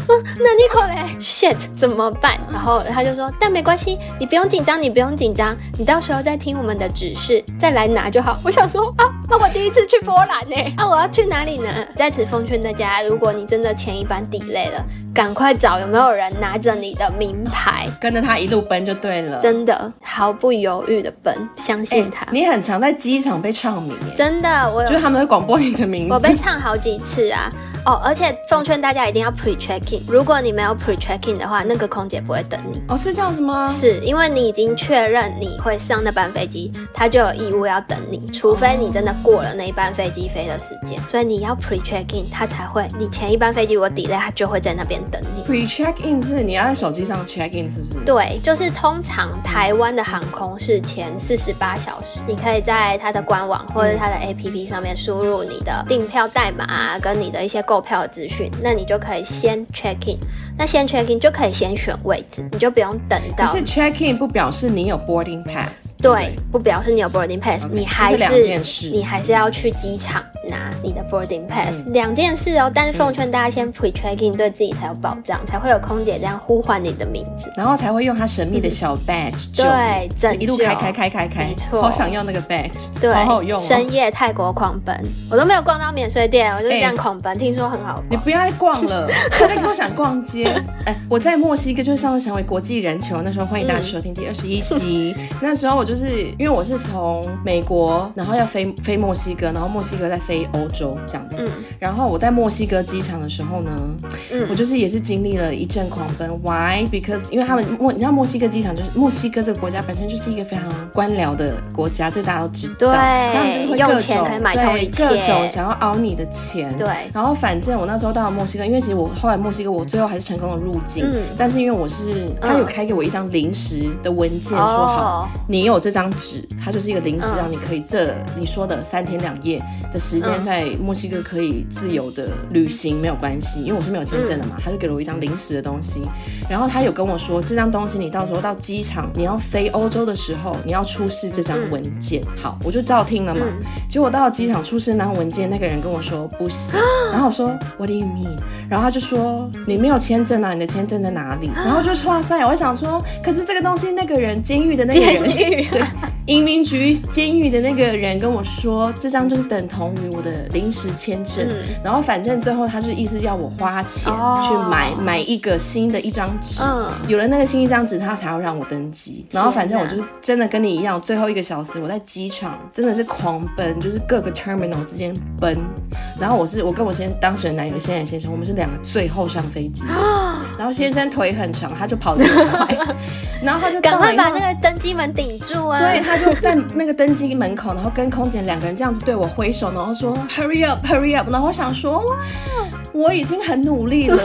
[SPEAKER 2] 那你過來 shit 怎麼辦？然後他就說，但沒關係，你不用緊張，你不用緊張，你到時候再聽我們的指示再來拿就好。我想說啊，那、啊、我第一次。去波蘭呢、欸？那、啊、我要去哪裡呢？在此奉勸大家，如果你真的前一班 delay 了，趕快找有沒有人拿着你的名牌，跟着他一路奔就對了。真的，毫不猶豫的奔，相信他。欸、你很常在機場被唱名、欸，真的，我就他們會廣播你的名字，我被唱好幾次啊。哦，而且奉勸大家一定要 pre check in。如果你沒有 pre check in 的話，那個空姐不會等你。哦，是這樣子嗎？是因為你已經確認你會上那班飛機，他就有義務要等你。除非你真的過了那一班飛機飛的時間、哦，所以你要 pre check in，他才會。你前一班飛機有 delay，他就會在那邊等你。pre check in 是你要在手機上 check in，是不是？對，就是通常台灣的航空是前四十八小時，你可以在它的官網或者它的 APP 上面輸入你的訂票代碼、啊，跟你的一些。購票資訊，那你就可以先 check in，、嗯、那先 check in 就可以先選位置、嗯，你就不用等到。可是
[SPEAKER 1] check in 不表示你有 boarding pass 對。
[SPEAKER 2] 對，不表示你有 boarding pass，okay, 你還是、就是、你還是要去機場拿你的 boarding pass，、嗯、兩件事哦。但是奉勸大家先 pre check in，對自己才有保障，嗯、才會有空姐這樣呼喚你的名字，然後才會用她神秘的小 badge 就、嗯，對一路開,開開開開開，
[SPEAKER 1] 沒錯。好想要那個 badge，對，好好用、哦。
[SPEAKER 2] 深夜泰國狂奔，我都沒有逛到免稅店，我就這樣狂奔，欸、聽說。都很好，你不要再逛了，
[SPEAKER 1] 再跟我想逛街。 哎，我在墨西哥就是上次成為國際人球那時候，歡迎大家收聽第二十一集、嗯。那時候我就是因為我是從美國，然後要飛飛墨西哥，然後墨西哥再飛歐洲這樣子、嗯。然後我在墨西哥機場的時候呢，嗯，我就是也是經歷了一陣狂奔、嗯。Why? Because 因為他們墨，你知道墨西哥機場就是墨西哥這個國家本身就是一個非常官僚的國家，這大家都知道。對，他們就是會各種用錢可以買通一切。各種想要凹你的錢。對，然後反。反正我那時候到了墨西哥，因為其實我後來墨西哥，我最後還是成功的入境。嗯、但是因為我是他有開給我一張臨時的文件，哦、說好你有這張紙，它就是一個臨時，讓你可以這、嗯、你說的三天兩夜的時間在墨西哥可以自由的旅行，沒有關係，因為我是沒有簽證的嘛、嗯，他就給了我一張臨時的東西。然後他有跟我說，這張東西你到時候到機場你要飛歐洲的時候，你要出示這張文件、嗯。好，我就照聽了嘛。嗯、結果到了機場出示那張文件，那個人跟我說不行，然後。說 What do you mean？然後他就說，你沒有簽證啊，你的簽證在哪裡？然後就說哇塞，我想說，可是這個東西那個人監獄的那個人、監獄啊、對。移民局監獄的那個人跟我說，這張就是等同於我的臨時簽證、嗯。然後反正最後他就意思要我花錢去買、哦、買一個新的一張紙、嗯，有了那個新一張紙，他才要讓我登機、嗯。然後反正我就真的跟你一樣，最後一個小時我在機場真的是狂奔，就是各個 terminal 之間奔。然後我是我跟我先生當時的男友先生先生，我們是兩個最後上飛機、哦。然後先生腿很長，他就跑得很快。 然後他就趕快把那個
[SPEAKER 2] 登機門頂住啊！對他。就
[SPEAKER 1] 在那個登機門口，然後跟空姐兩個人這樣子對我揮手，然後說 Hurry up, hurry up。然後我想說，我已經很努力了，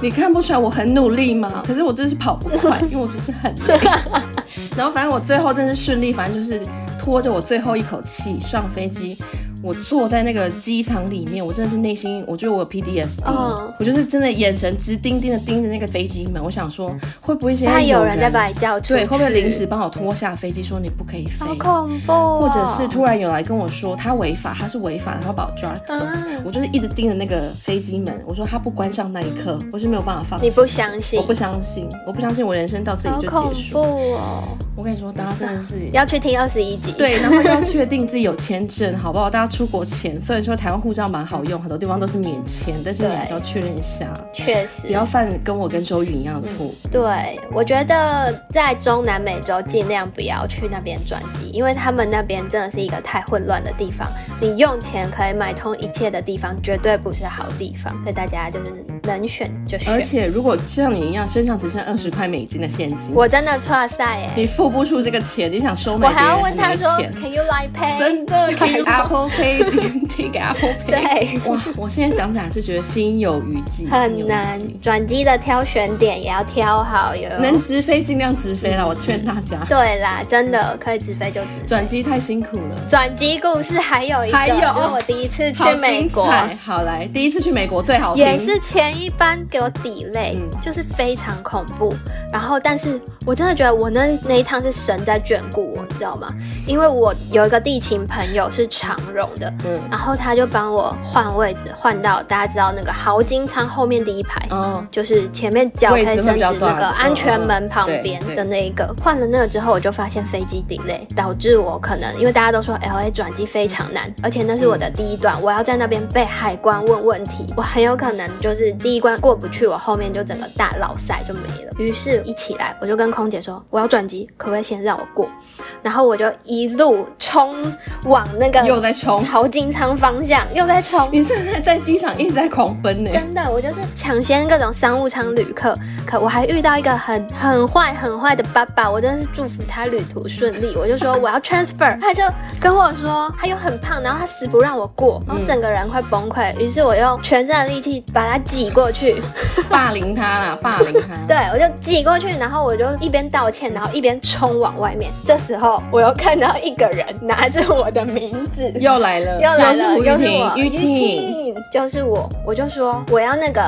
[SPEAKER 1] 你看不出來我很努力嗎？可是我真的是跑不快，因為我就是很累。 然後反正我最後真是順利，反正就是拖着我最後一口氣上飛機。我坐在那個機場裡面，我真的是內心，我覺得我有 P D S D，我就是真的眼神直盯盯的盯着那個飛機門。我想說，
[SPEAKER 2] 會不會現在有人，有人在把你叫我叫出去？對，會不會臨時
[SPEAKER 1] 幫我拖下飛機，說你不可以飛？好恐怖、哦！或者是突然有來跟我說他違法，他是違法，然後把我抓走？啊、我就是一直盯着那個飛機門。我說他不關上那一刻，我是沒有辦法放。你不相信？我不相信，我不相信，我人生到這裡就結束？
[SPEAKER 2] 不、哦，我跟你說，大家真的是、啊、要去聽二十一集，對，然後
[SPEAKER 1] 要確定自己有簽證，好不好？大家。出國前，雖然說台灣護照蠻好用，很多地方都是免簽，但是你只要確認一下、嗯。
[SPEAKER 2] 確實，不要犯
[SPEAKER 1] 跟我跟周云一樣錯、
[SPEAKER 2] 嗯。對，我覺得在中南美洲盡量不要去那邊轉機，因為他們那邊真的是一個太混亂的地方。你用錢可以買通一切的地方，絕對不是好地方。所以大家就是。能選就選，而且
[SPEAKER 1] 如果像你一樣身上只剩二十塊美金的現金，我
[SPEAKER 2] 真的抓塞哎、欸。你
[SPEAKER 1] 付不出這個錢，你想收買我還要問他說，Can
[SPEAKER 2] you like pay？
[SPEAKER 1] 真的可以 Apple Pay？可以給 Apple Pay 對，哇，我現在想想就覺得心有餘悸，很難。
[SPEAKER 2] 轉機的挑選點也要挑好喲，能直飛儘量直飛了、嗯，我勸大家。對啦，真的可以直飛就直飛，轉機太辛苦了。轉機故事還有一個，還有因為我第一次去美國好，
[SPEAKER 1] 好來，第一次去美國最好，也是
[SPEAKER 2] 前。一般給我 delay、嗯，就是非常恐怖。然後，但是我真的覺得我那那一趟是神在眷顧我，你知道嗎？因為我有一個地勤朋友是長榮的，嗯，然後他就幫我換位置，換到大家知道那個豪經艙後面第一排，哦、就是前面腳可以伸直那個安全門旁邊的那一個、哦。換了那個之後，我就發現飛機 delay，導致我可能因為大家都說 LA 轉機非常難，而且那是我的第一段、嗯，我要在那邊被海關問問題，我很有可能就是。第一關過不去，我後面就整個大老賽就沒了。於是，一起來我就跟空姐說，我要轉機，可不可以先讓我過？然後我就一路衝往那個又在衝候機艙方向，又在衝。你現在在機場一直在狂奔呢、欸？真的，我就是搶先各種商務艙旅客。可我還遇到一個很很壞很壞的爸爸，我真的是祝福他旅途順利。我就說我要 transfer， 他就跟我說他又很胖，然後他死不讓我過，然後整個人快崩潰。於、嗯、是，我用全身的力氣把他擠。過去 霸凌他啦，霸凌他。 對，我就擠過去，然後我就一邊道歉，然後一邊衝往外面。這時候我又看到一個人拿着我的名字，又來了，又來了，又是胡玉婷，就是我，玉婷，就是我。我就說我要那個。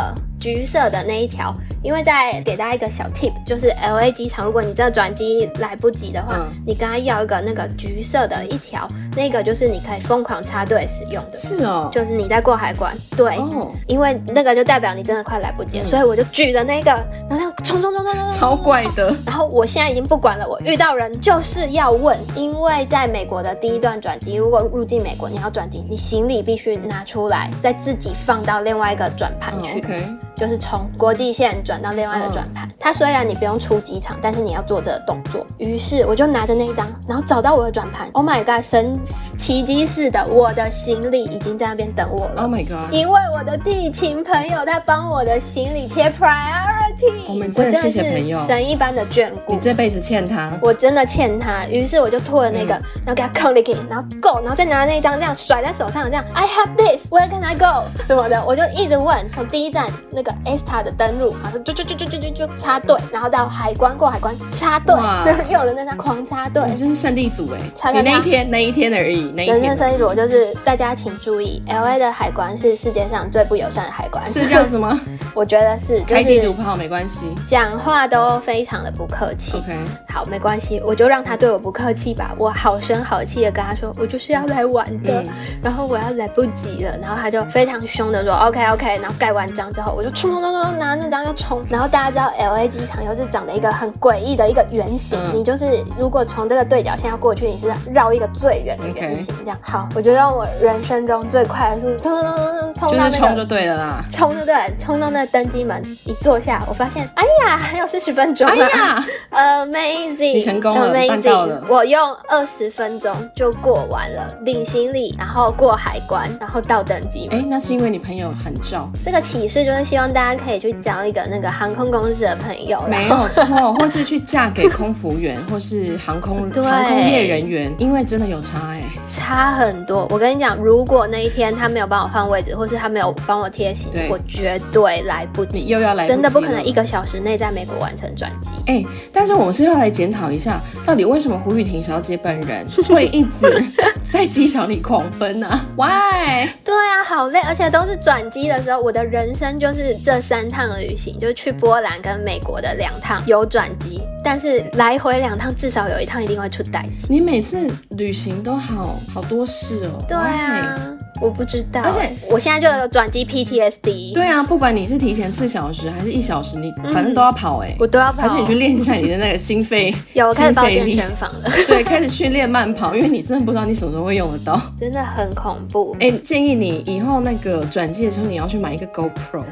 [SPEAKER 2] 橘色的那一條，因為再給大家一個小 tip，就是 L A 機場，如果你真的轉機來不及的話，嗯、你跟他要一個那個橘色的一條，那個就是你可以瘋狂插隊使用的。是哦，就是你在過海關，對，oh. 因為那個就代表你真的快來不及了，嗯，所以我就舉着那個，然後衝衝衝衝衝，超怪的。然後我現在已經不管了，我遇到人就是要問，因為在美國的第一段轉機，嗯，如果入境美國你要轉機，你行李必須拿出來，再自己放到另外一個轉盤去。Oh, okay. 就是從國際線轉到另外一個轉盤，它雖然你不用出機場，但是你要做這個動作。於是我就拿着那一張，然後找到我的轉盤。Oh my God，神奇蹟似的，我的行李已經在那邊等我了。Oh my God，因為我的地勤朋友在幫我的行李貼 priority。我們真的謝謝朋友，神一般的眷顧，你這輩子欠他，我真的欠他。於是我就拖了那個，嗯、然後給他 connect 然後 go，然後再拿了那一張，這樣甩在手上，這樣 I have this，where can I go？什麼的，我就一直問，從第一站那個。個 ESTA 的登錄，然後就就就就就就插隊，然後到海關，過海關插隊， 又有人在那狂插隊。你真是聖地組哎、欸！插隊那
[SPEAKER 1] 一天那一天而已，有那聖地組，我就是
[SPEAKER 2] 大家請注意，LA 的海關是世界上最不友善的海關。是這樣子嗎？ 我覺得是，開、嗯、地圖炮還好沒關係，講話都非常的不客氣。OK，、嗯、好，沒關係，我就讓他對我不客氣吧，我好聲好氣的跟他說，我就是要來玩的、嗯，然後我要來不及了，然後他就非常凶的說、嗯、OK OK，然後蓋完章之後、嗯、我就。衝衝衝衝衝！拿那張要衝，然後大家知道 L A 機場又是長了一個很詭異的一個圓形、嗯，你就是如果從這個對角線要過去，你是繞一個最遠的圓形、嗯、這樣。好，我覺得我人生中最快的速度，衝衝衝衝衝到那個，就是、衝就對了啦，衝就對，衝到那個登機門一坐下，我發現，哎呀，還有四十分鐘啊、哎、！Amazing，你成功了，Amazing，我用二十分鐘就過完了，領行李、嗯，然後過海關，然後到登機。哎，那是因為你朋友很罩。嗯、這個啟示就是希望，讓大家可以去交一個那個航空公司的朋友，沒
[SPEAKER 1] 有錯，或是去嫁給空服員， 或是航空，對，航空業人員，因為真的有差哎、欸，
[SPEAKER 2] 差很多。我跟你講，如果那一天他沒有幫我換位置，或是他沒有幫我貼行李，我絕對來不及，又要來不及真的不可能一個小時內在美國完成轉機。哎、
[SPEAKER 1] 欸，但是我們是要來檢討一下，到底為什麼胡雨婷小姐本人會一直
[SPEAKER 2] 在機場裡狂奔呢、啊？Why？對啊，好累，而且都是轉機的時候，我的人生就是，這三趟的旅行，就去波蘭跟美國的兩趟，有轉機。但是來回兩趟，至少有一趟一定會出代誌。你每次旅行都好好多事哦、喔。對啊、okay，我不知道、欸。而且我現在就有轉機 PTSD。對啊，不管你是提前四
[SPEAKER 1] 小時還是一小時，你反正都要跑誒、欸嗯。我都要跑。而且你去練一下你的那個心肺？ 有心肺，健身 對，開始訓練慢跑， 因為你真的不知道你什麼時候會用得到，真
[SPEAKER 2] 的
[SPEAKER 1] 很恐怖。誒、欸，建議你以後那個轉機的時候，你要去買一個 GoPro。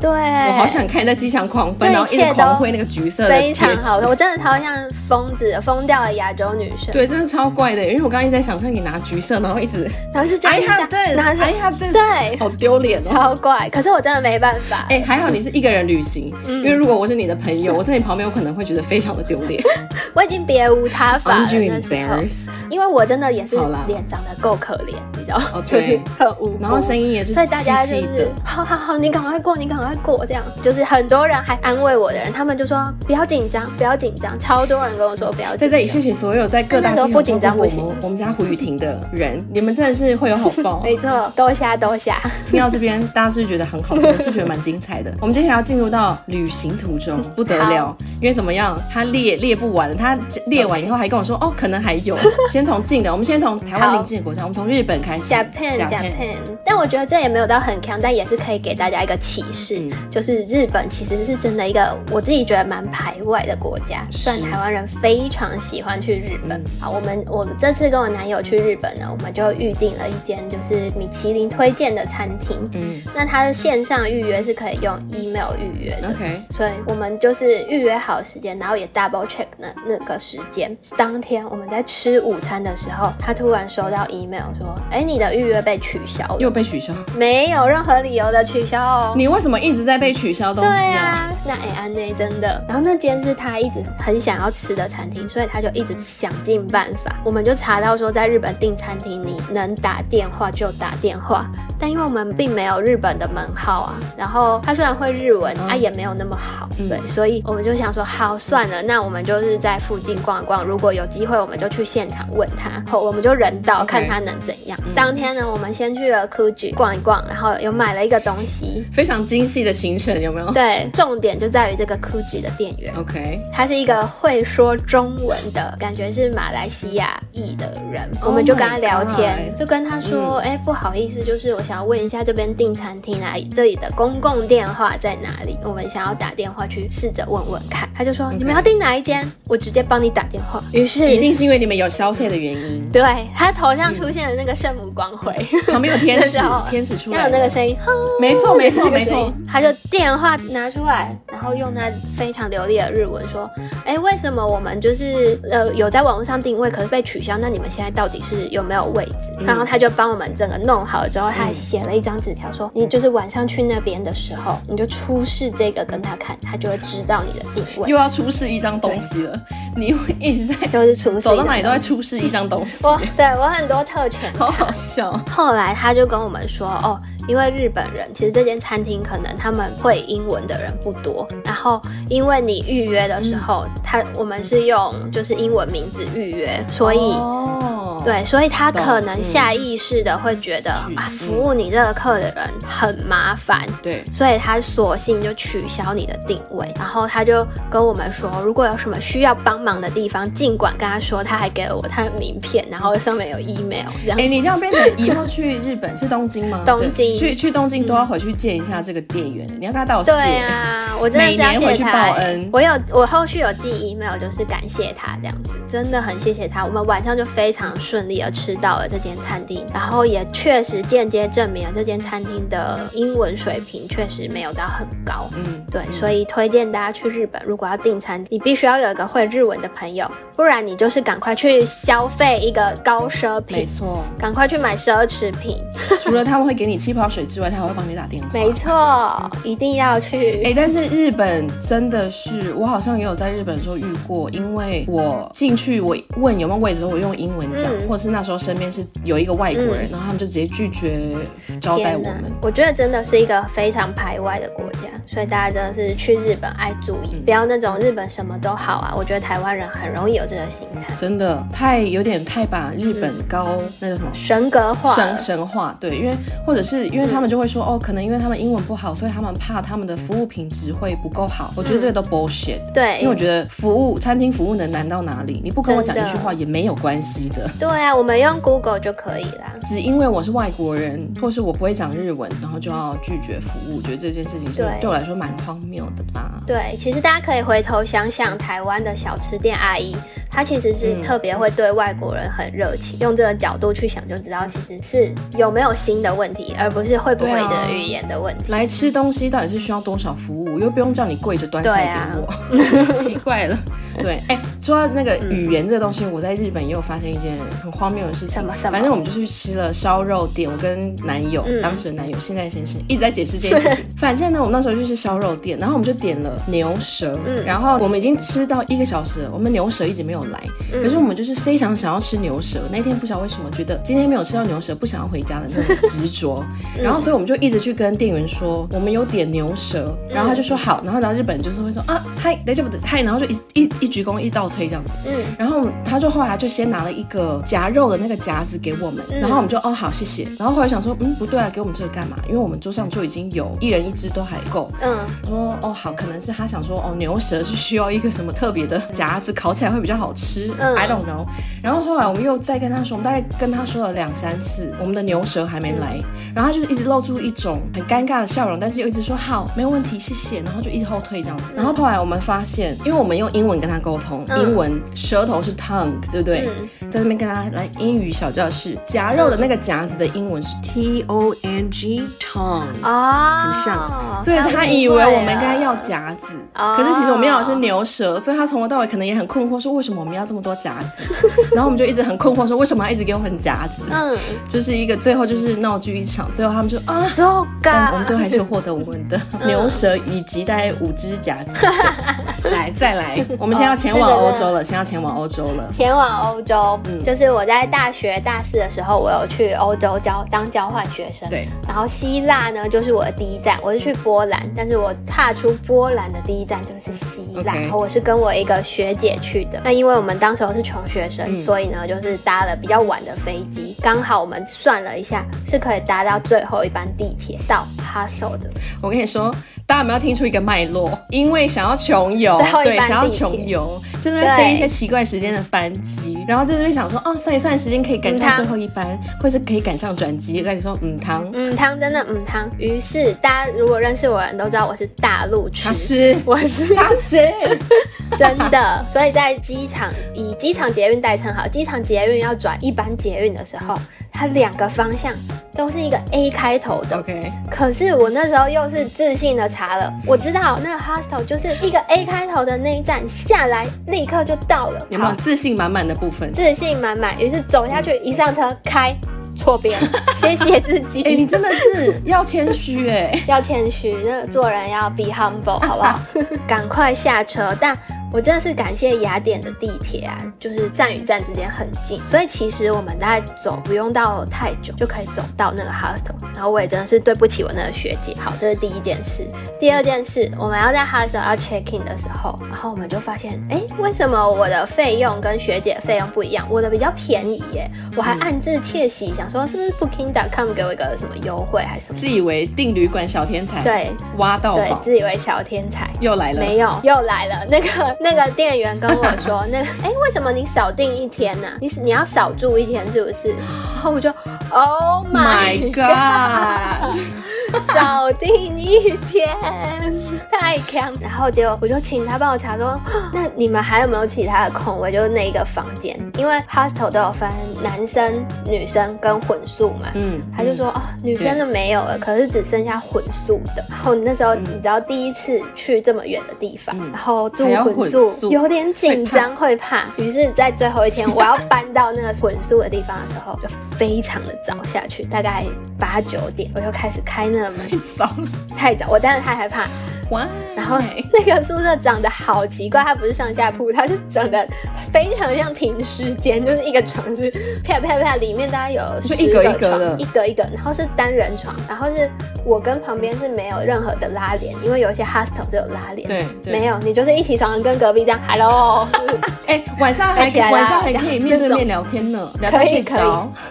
[SPEAKER 2] 對，我好想
[SPEAKER 1] 看你在機場狂奔，然後一直狂揮那個橘色的貼紙。非常好的。
[SPEAKER 2] 真的超像瘋子，瘋掉了亞洲女生。對，真的
[SPEAKER 1] 超怪的，因為我剛剛一直在想說你拿橘色，然後一直，然
[SPEAKER 2] 後是這樣，哎呀，對，哎呀，對，對，好丟臉，超怪。可是我真的沒辦法。哎、欸，還好你是
[SPEAKER 1] 一個人旅行、嗯，因為如果我是你的朋友，我在你旁邊，我可能會覺得非常的丟臉。
[SPEAKER 2] 我已經別無他法 因為我真的也是臉長得夠可憐，比 較、oh, 就是很污、呃，然後聲音也就是稀稀的，所以大家就是好好好，你趕快過，你趕快過，這樣就是很多人還安慰我的人，他們就說不要緊張，不要緊。這樣超多人跟我說不要緊。在這裡謝謝所有在各大鏡頭中
[SPEAKER 1] 我們家胡雨婷的人， 你們真的是會有好報、啊，沒錯，都瞎都瞎。聽到這邊大家是覺得很好，我 是覺得蠻精彩的。我們接下來要進入到旅行途中不得了，因為怎麼樣，他列列不完，他
[SPEAKER 2] 列完以後還跟我說 哦，可能還有，先從近的，我們先從台灣臨近的國家，我們從日本開始，Japan Japan。但我覺得這也沒有到很鏘，但也是可以給大家一個啟示、嗯，就是日本其實是真的一個我自己覺得蠻排外的國家。算台灣人非常喜歡去日本。嗯、好，我們我這次跟我男友去日本呢，我們就預定了一間就是米其林推薦的餐廳。嗯，那他的線上預約是可以用 email 預約的。OK，、嗯、所以我們就是預約好時間，然後也 double check 那那個時間。當天我們在吃午餐的時候，他突然收到 email 說，哎、欸，你的預約被取消又被取消，沒有任何理由的取消哦。你
[SPEAKER 1] 為什麼一直在被取消東西啊？啊
[SPEAKER 2] 那哎、欸，安、啊、內真的，然後那間是他一直。很想要吃的餐廳，所以他就一直想盡辦法、嗯。我們就查到說，在日本訂餐廳，你能打電話就打電話。但因為我們並沒有日本的門號啊，然後他雖然會日文，他、嗯啊、也沒有那麼好、嗯，對。所以我們就想說，好算了，那我們就是在附近逛一逛。如果有機會，我們就去現場問他，後我們就人到、okay, 看他能怎樣、嗯。當天呢，我們先去了 Kuji 逛一逛，然後又買了一個東西，非常精細的行程有沒有？對，對重點就在於這個 Kuji 的店員。OK，他是。是一個會說中文的感覺是馬來西亞裔的人，Oh my God, 我們就跟他聊天，就跟他說，哎，不好意思，就是我想要問一下這邊訂餐廳啊，這裡的公共電話在哪裡？我們想要打電話去試着問問看。他就說，okay. 你們要訂哪一間？我直接幫你打電話。於是，一定是因為你們有消費的原因。對，他頭上出現了那個聖母光輝，旁邊有天使， 天使出來，有那個聲音，沒錯沒錯沒錯，沒錯，他就電話拿出來，然後用他非常流利的日文說。哎，欸，為什麼我們就是呃有在網絡上訂位，可是被取消？那你們現在到底是有沒有位置？嗯、然後他就幫我們整個弄好了之後，他還寫了一張紙條說，嗯，你就是晚上去那邊的時候，嗯，你就出示這個跟他看，他就會知道你的訂位。又要出示一張東西了。你會一直在，都是出走到哪裡都會出示一張東西。我對我很多特權，好好笑。後來他就跟我們說，哦，因為日本人其實這間餐廳可能他們會英文的人不多，然後因為你預約的時候，嗯、他我們是用就是英文名字預約，所以。哦對，所以他可能下意識的會覺得、嗯、啊，服務你這個客的人很麻煩、嗯。對，所以他索性就取消你的定位，然後他就跟我們說，如果有什麼需要幫忙的地方，儘管跟他說。他還給了我他的名片，然後上面有 email。這樣。哎，你這樣變成以後去
[SPEAKER 1] 日本 是東京嗎？東京。去去東京都要回去見一下這個店員，嗯、你要不要到我？
[SPEAKER 2] 對啊，我真的是要謝謝他。我有，我後續有寄 email，就是感謝他這樣子，真的很謝謝他。我們晚上就非常。順利地吃到了這間餐廳，然後也確實間接證明了這間餐廳的英文水平確實沒有到很高。嗯，對，嗯、所以推薦大家去日本，如果要訂餐，你必須要有一個會日文的朋友，不然你就是趕快去消費一個高奢品，嗯、沒錯，趕快去買奢侈品。 除了他們會給你氣泡水之
[SPEAKER 1] 外，他還會幫你打電
[SPEAKER 2] 話。沒錯，一定要去。哎、
[SPEAKER 1] 欸，但是日本真的是，我好像也有在日本時候遇過，因為我進去我問有沒有位置，我用英文講。嗯或者是那時候身邊是有一個外國人、嗯，然後他們就直接拒絕招待我們。
[SPEAKER 2] 我覺得真的是一個非常排外的國家，所以大家真的是去日本愛注意，嗯、不要那種日本什麼都好啊。我覺得台灣人很容易有這個心
[SPEAKER 1] 態，真的太有點太把日本高、嗯、那個什麼神格化、神神化。對，因為或者是因為他們就會說、嗯、哦，可能因為他們英文不好，所以他們怕他們的服務品質會不夠好、嗯。我覺得這個都 bullshit。對，因為我覺得服務餐廳服務能難到哪裡？你不跟我講一句話也沒有關係
[SPEAKER 2] 的。對對啊，我們用 Google 就可以啦。只因為我是外
[SPEAKER 1] 國人，或是我不會講日文，然後就要拒絕服務，覺得這件事情是對我來說蠻荒謬的啦。
[SPEAKER 2] 對，其實大家可以回頭想想台灣的小吃店阿姨。他其實是特別會對外國人很熱情、嗯，用這個角度去想就知道，其實是有沒有心的問題，而不是會不會的語言的問題、啊。來吃東西到底是需要多少服
[SPEAKER 1] 務，又不用叫你跪着端菜給我，啊、 奇
[SPEAKER 2] 怪了。
[SPEAKER 1] 對，哎、欸，說到那個語言這個東西、嗯，我在日本也有發現一件很荒謬的事情，什麼什麼？反正我們就去吃了燒肉店，我跟男友、嗯、當時的男友現在先生一直在解釋這件事情。反正呢，我們那時候就是燒肉店，然後我們就點了牛舌，嗯、然後我們已經吃到一個小時了，我們牛舌一直沒有。來，可是我們就是非常想要吃牛舌。那天不知道為什麼覺得今天沒有吃到牛舌，不想要回家的那種執着。 然後所以我們就一直去跟店員說，我們有點牛舌。 然後他就說好。然後然後日本人就是會說 啊，嗨，等一下等一下，嗨。然後就一一一鞠躬，一倒退這樣子。嗯。 然後他就後來就先拿了一個夾肉的那個夾子給我們。 然後我們就哦好謝謝。然後後來想說，嗯，不對啊，給我們這個幹嘛？因為我們桌上就已經有一人一只都還夠。嗯。 說，哦，好，可能是他想說哦，牛舌是需要一個什麼特別的夾子， 烤起來會比較好。吃 ，I don't know、嗯。然後後來我們又再跟他說，我們大概跟他說了兩三次，我們的牛舌還沒來。然後他就是一直露出一種很尷尬的笑容，但是又一直說好，沒問題，謝謝。然後就一直後退這樣子、嗯。然後後來我們發現，因為我們用英文跟他溝通，英文、嗯、舌頭是 tongue，對不對、嗯？在那邊跟他來英語小教室夾肉的那個夾子的英文是 T O N G tongue，啊、哦，很像，所以他以為我們應該要夾子，哦、可是其實我們要的是牛舌，所以他從頭到尾可能也很困惑，說為什麼。我們要這麼多夾子，然後我們就一直很困惑，說為什麼要一直給我很夾子？嗯， 就是一個最後就是鬧劇一場，最後他們就啊，之後干，我們最後還是獲得我們的牛舌以及大概五只夾子。
[SPEAKER 2] 來再來，我們先要前往歐洲
[SPEAKER 1] 了、 哦，先要前往歐洲
[SPEAKER 2] 了。前往歐洲、嗯，就是我在大學大四的時候，我有去歐洲交當交換學生。對，然後希臘呢，就是我的第一站，我是去波蘭，但是我踏出波蘭的第一站就是希臘。Okay. 然後我是跟我一個學姐去的，那因為。因為我們當時候是窮學生、嗯，所以呢，就是搭了比較晚的飛機，剛好我們算了一下，是可以搭到最後一班地鐵到 hostel 的。
[SPEAKER 1] 我跟你說。大家有沒有聽出一個脈絡，因為想要窮遊，對，想要窮遊，就那邊飛一些奇怪時間的班機，然後就這邊想說，哦，算一算了時間可以趕上最後一班，嗯、或是可以趕上轉機。那、嗯、你說，嗯，湯，嗯，
[SPEAKER 2] 湯真的，嗯，湯。於是大家如果認識我的人都知道我是大路痴，我是痴。 真的。所以在機場以機場捷運代稱好，機場捷運要轉一般捷運的時候、嗯，它兩個方向都是一個 A 開頭的。OK，可是我那時候又是自信的。查了，我知道那個 hostel 就是一個 A 開頭的那一站下來，立刻就到了。有沒有自信滿滿的部分？自信滿滿，於是走下去，一上車開錯邊，謝謝 自己。哎、欸，你真的是要謙虛哎，要謙虛，那做人要 be humble，好不好？趕 快下車，但。我真的是感謝雅典的地鐵啊，就是站與站之間很近，所以其實我們大概走不用到太久就可以走到那個 hostel。然後我也真的是對不起我那個學姐，好，這是第一件事。第二件事，我們要在 hostel 要 check in 的時候，然後我們就發現，哎、欸，為什麼我的費用跟學姐費用不一樣？我的比較便宜耶、欸，我還暗自竊喜，想說是不是 Booking.com 給我一個什麼優惠還是什
[SPEAKER 1] 麼。自以為訂旅館小天才？對，挖到對，自
[SPEAKER 2] 以為小天才又來了，沒有又來了那個。 那個店員跟我說：“那個，哎，為什麼你少訂一天呢？你你要少住一天是不是？”然後我就：“Oh my god！”, my god. 少訂一天，太鏘。然後結果我就請他幫我查說，那你們還有沒有其他的空位？就是那一個房間，因為 hostel 都有分男生、女生跟混宿嘛。嗯。他就說、嗯、哦，女生的沒有了，可是只剩下混宿的。然後那時候、嗯、你知道第一次去這麼遠的地方，嗯、然後住混宿，有點緊張，會怕。於是，在最後一天 我要搬到那個混宿的地方的時候，就非常的早下去，大概八九點，我就開始開那個。太早了，太早，我待着太害怕。Why? 然後那個宿舍長得好奇怪，它不是上下鋪，它是長得非常像停屍間，就是一個床是啪，啪啪啪，裡面大概有十個床，就一格一格一格一格，然後是單人床，然後是我跟旁邊是沒有任何的拉簾，因為有些 hostel 是有拉簾，對，沒有，你就是一起床跟隔壁這樣，hello，哎、 欸，晚上還起來，晚上還可以面對面聊天呢，聊可以可以，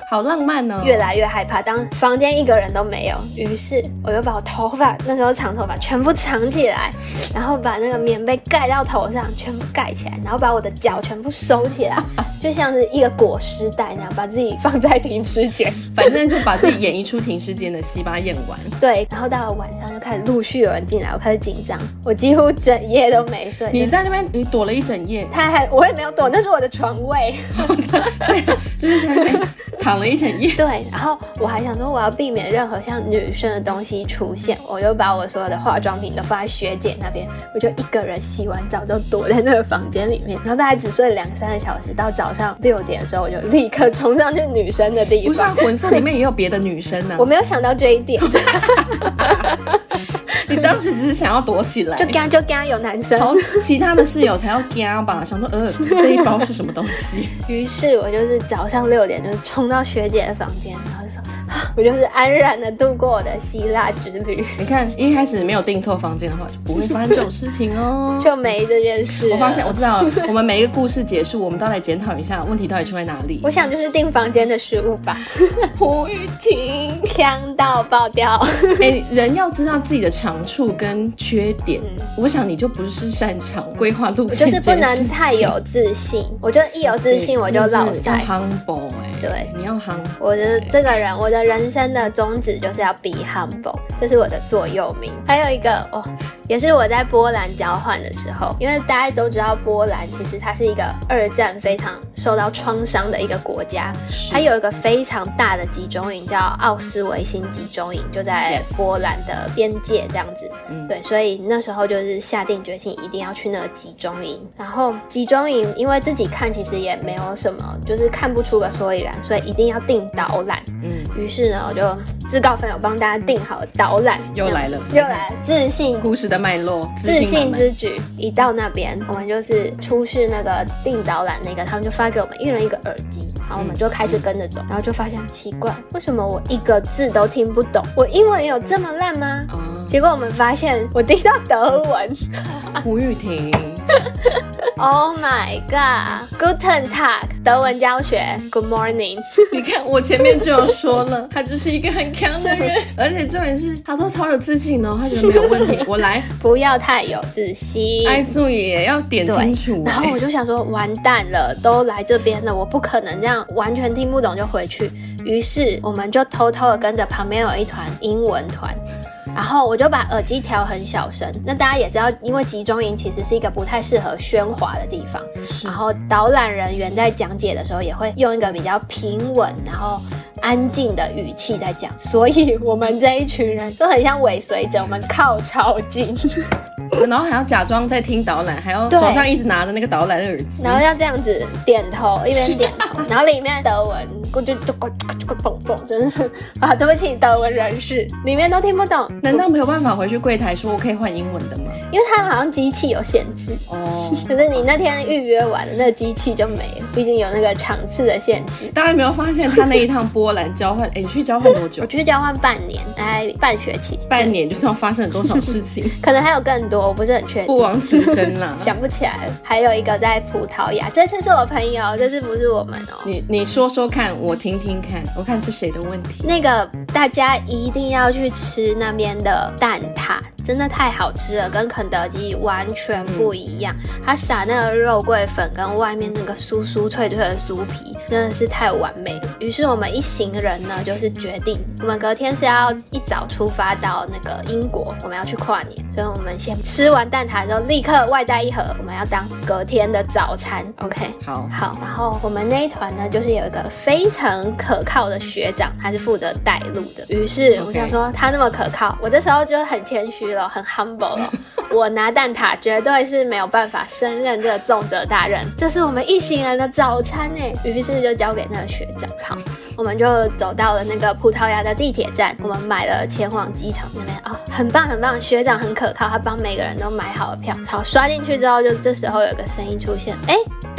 [SPEAKER 2] 好浪漫呢，哦，越來越害怕，當房間一個人都沒有，於是我又把我頭髮那時候長頭髮全部藏。起來，然後把那個棉被蓋到頭上，全部蓋起來，然後把我的腳全部收起來，就像是一個裹屍袋那樣，把自己放在停屍間，反正就把自己演一
[SPEAKER 1] 出停屍間的戲吧，演
[SPEAKER 2] 完。對，然後到了晚上就開始陸續有人進來，我開始緊張，我幾乎整夜都沒睡。你在那邊你躲了一整夜？他還我也沒有躲，那是我的床位。 對，就是在那躺了一整夜。對，然後我還想說我要避免任何像女生的東西出現，我就把我所有的化妝品都放，學姐那邊，我就一個人洗完澡，就躲在那個房間裡面，然後大概只睡兩三個小時。到早上六點的時候，我就立刻衝上去女生的地方。不是、啊，混宿裡面也
[SPEAKER 1] 有別的女生
[SPEAKER 2] 呢？啊。我沒有想到這一點。
[SPEAKER 1] 你當時只是
[SPEAKER 2] 想要躲起來。就剛就剛有男生，然後
[SPEAKER 1] 其他的室友才要剛吧， 想說，呃，這一包是什麼
[SPEAKER 2] 東西？於 是我就是早上六點，就是衝到學姐的房間，然後就說。我就是安然的度過我的希臘之
[SPEAKER 1] 旅。你看，一開始沒有訂錯房間的話，就不會發生這種事情哦， 就沒這件事。我發現，我知道了，我們每一個故事結束， 我們都來檢討一下問題到底出在哪裡。我想就是訂房間的失誤吧。 胡雨婷香到爆掉。哎、 欸，人要知道自己的長處跟缺點。嗯、我想你就不是擅長規劃路線，就是不能太有
[SPEAKER 2] 自信。 我就一有自信我就落賽。就是、
[SPEAKER 1] humble 哎、欸。對。你要 humble、欸。
[SPEAKER 2] 我的這個人，我的人。人生的宗旨就是要 be humble，這是我的座右銘。還有一個哦。也是我在波蘭交換的時候，因為大家都知道波蘭其實它是一個二戰非常受到創傷的一個國家，它有一個非常大的集中營叫奧斯維辛集中營，就在波蘭的邊界這樣子。Yes. 對，所以那時候就是下定決心一定要去那個集中營。然後集中營因為自己看其實也沒有什麼，就是看不出個所以然，所以一定要訂導覽。嗯，於是呢我就自告奮勇幫大家訂好了導覽，又來了，又來了
[SPEAKER 1] 自信故事的。脈絡自信滿滿，自
[SPEAKER 2] 信之舉。一到那邊，我們就是出示那個定導覽那個，他們就發給我們一人一個耳機。然後我們就開始跟着走，嗯嗯、然後就發現奇怪，為什麼我一個字都聽不懂？我英文有這麼爛嗎、啊？結果我們發現我聽到德文，胡玉婷，Oh my God，Guten Tag，德文教學，Good morning。你看我前面就有說了，他就是一個很強的人，而且重點是他都超有自信的、哦，他覺得沒有問題， 我來，不要太有自信，哎注意，要點清楚。然後我就想說，完蛋了，都來這邊了，我不可能這樣。完全聽不懂就回去，於是我們就偷偷的跟着旁邊有一團英文團，然後我就把耳機調很小聲。那大家也知道，因為集中營其實是一個不太適合喧嘩的地方，然後導覽人員在講解的時候也會用一個比較平穩、然後安靜的語氣在講，所以我們這一群人都很像尾隨者， 我們靠超近，
[SPEAKER 1] 然後還要假裝在聽導覽，還要手上一直拿着那個導覽的耳機，然後要
[SPEAKER 2] 這樣子點頭，一邊點。 然後裡面的德文，咕嘟嘟咕咕咕咕咚咚，真是啊！對不起，德文
[SPEAKER 1] 人士，裡面都聽不懂。難道沒有辦法回去櫃檯說我可以換英文的嗎？
[SPEAKER 2] 因為他好像機器有限制哦。可是你那天預約完了，那個機器就沒了，畢竟有那個場次的限制。大家有沒有發現他那一趟波蘭交換？哎， 你去交換多久？我去交換半年，大概半學期。半年，就這樣發生了多少事情？ 可能還有更多，我不是很確定。不枉此生了，想不起來了。還有一個在葡萄牙，這次是我朋友，這次不是我們。
[SPEAKER 1] 你你說說看，我聽聽看，我看是誰的問題。
[SPEAKER 2] 那個大家一定要去吃那邊的蛋撻，真的太好吃了，跟肯德基完全不一樣。它、嗯、撒那個肉桂粉跟外面那個酥酥脆脆的酥皮，真的是太完美。於是我們一行人呢，就是決定，我們隔天是要一早出發到那個英國，我們要去跨年。所以我們先吃完蛋撻之後，立刻外帶一盒，我們要當隔天的早餐。OK，好，好。然後我們那。團呢，就是有一個非常可靠的學長，他是負責帶路的。於是、okay. 我想說，他那麼可靠，我這時候就很謙虛了，很 humble 了。 我拿蛋撻絕對是沒有辦法勝任這個重責大任。這是我們一行人的早餐呢、欸，於是就交給那個學長。好，我們就走到了那個葡萄牙的地鐵站，我們買了前往機場那邊啊、哦，很棒很棒，學長很可靠，他幫每個人都買好了票。好，刷進去之後，就這時候有一個聲音出現，哎、欸。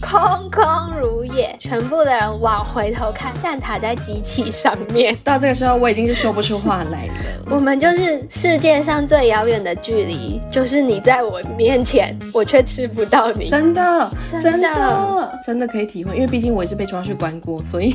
[SPEAKER 2] 空空如也，全部的人往回頭看，蛋塔在機器上面。到這個時候，我已經是說不出話來了。 我們就是世界上最遙遠的距離，就是你在我面前，我卻吃不到你。真的，真的，
[SPEAKER 1] 真的可以體會，因為畢竟我也是被抓去關過，所以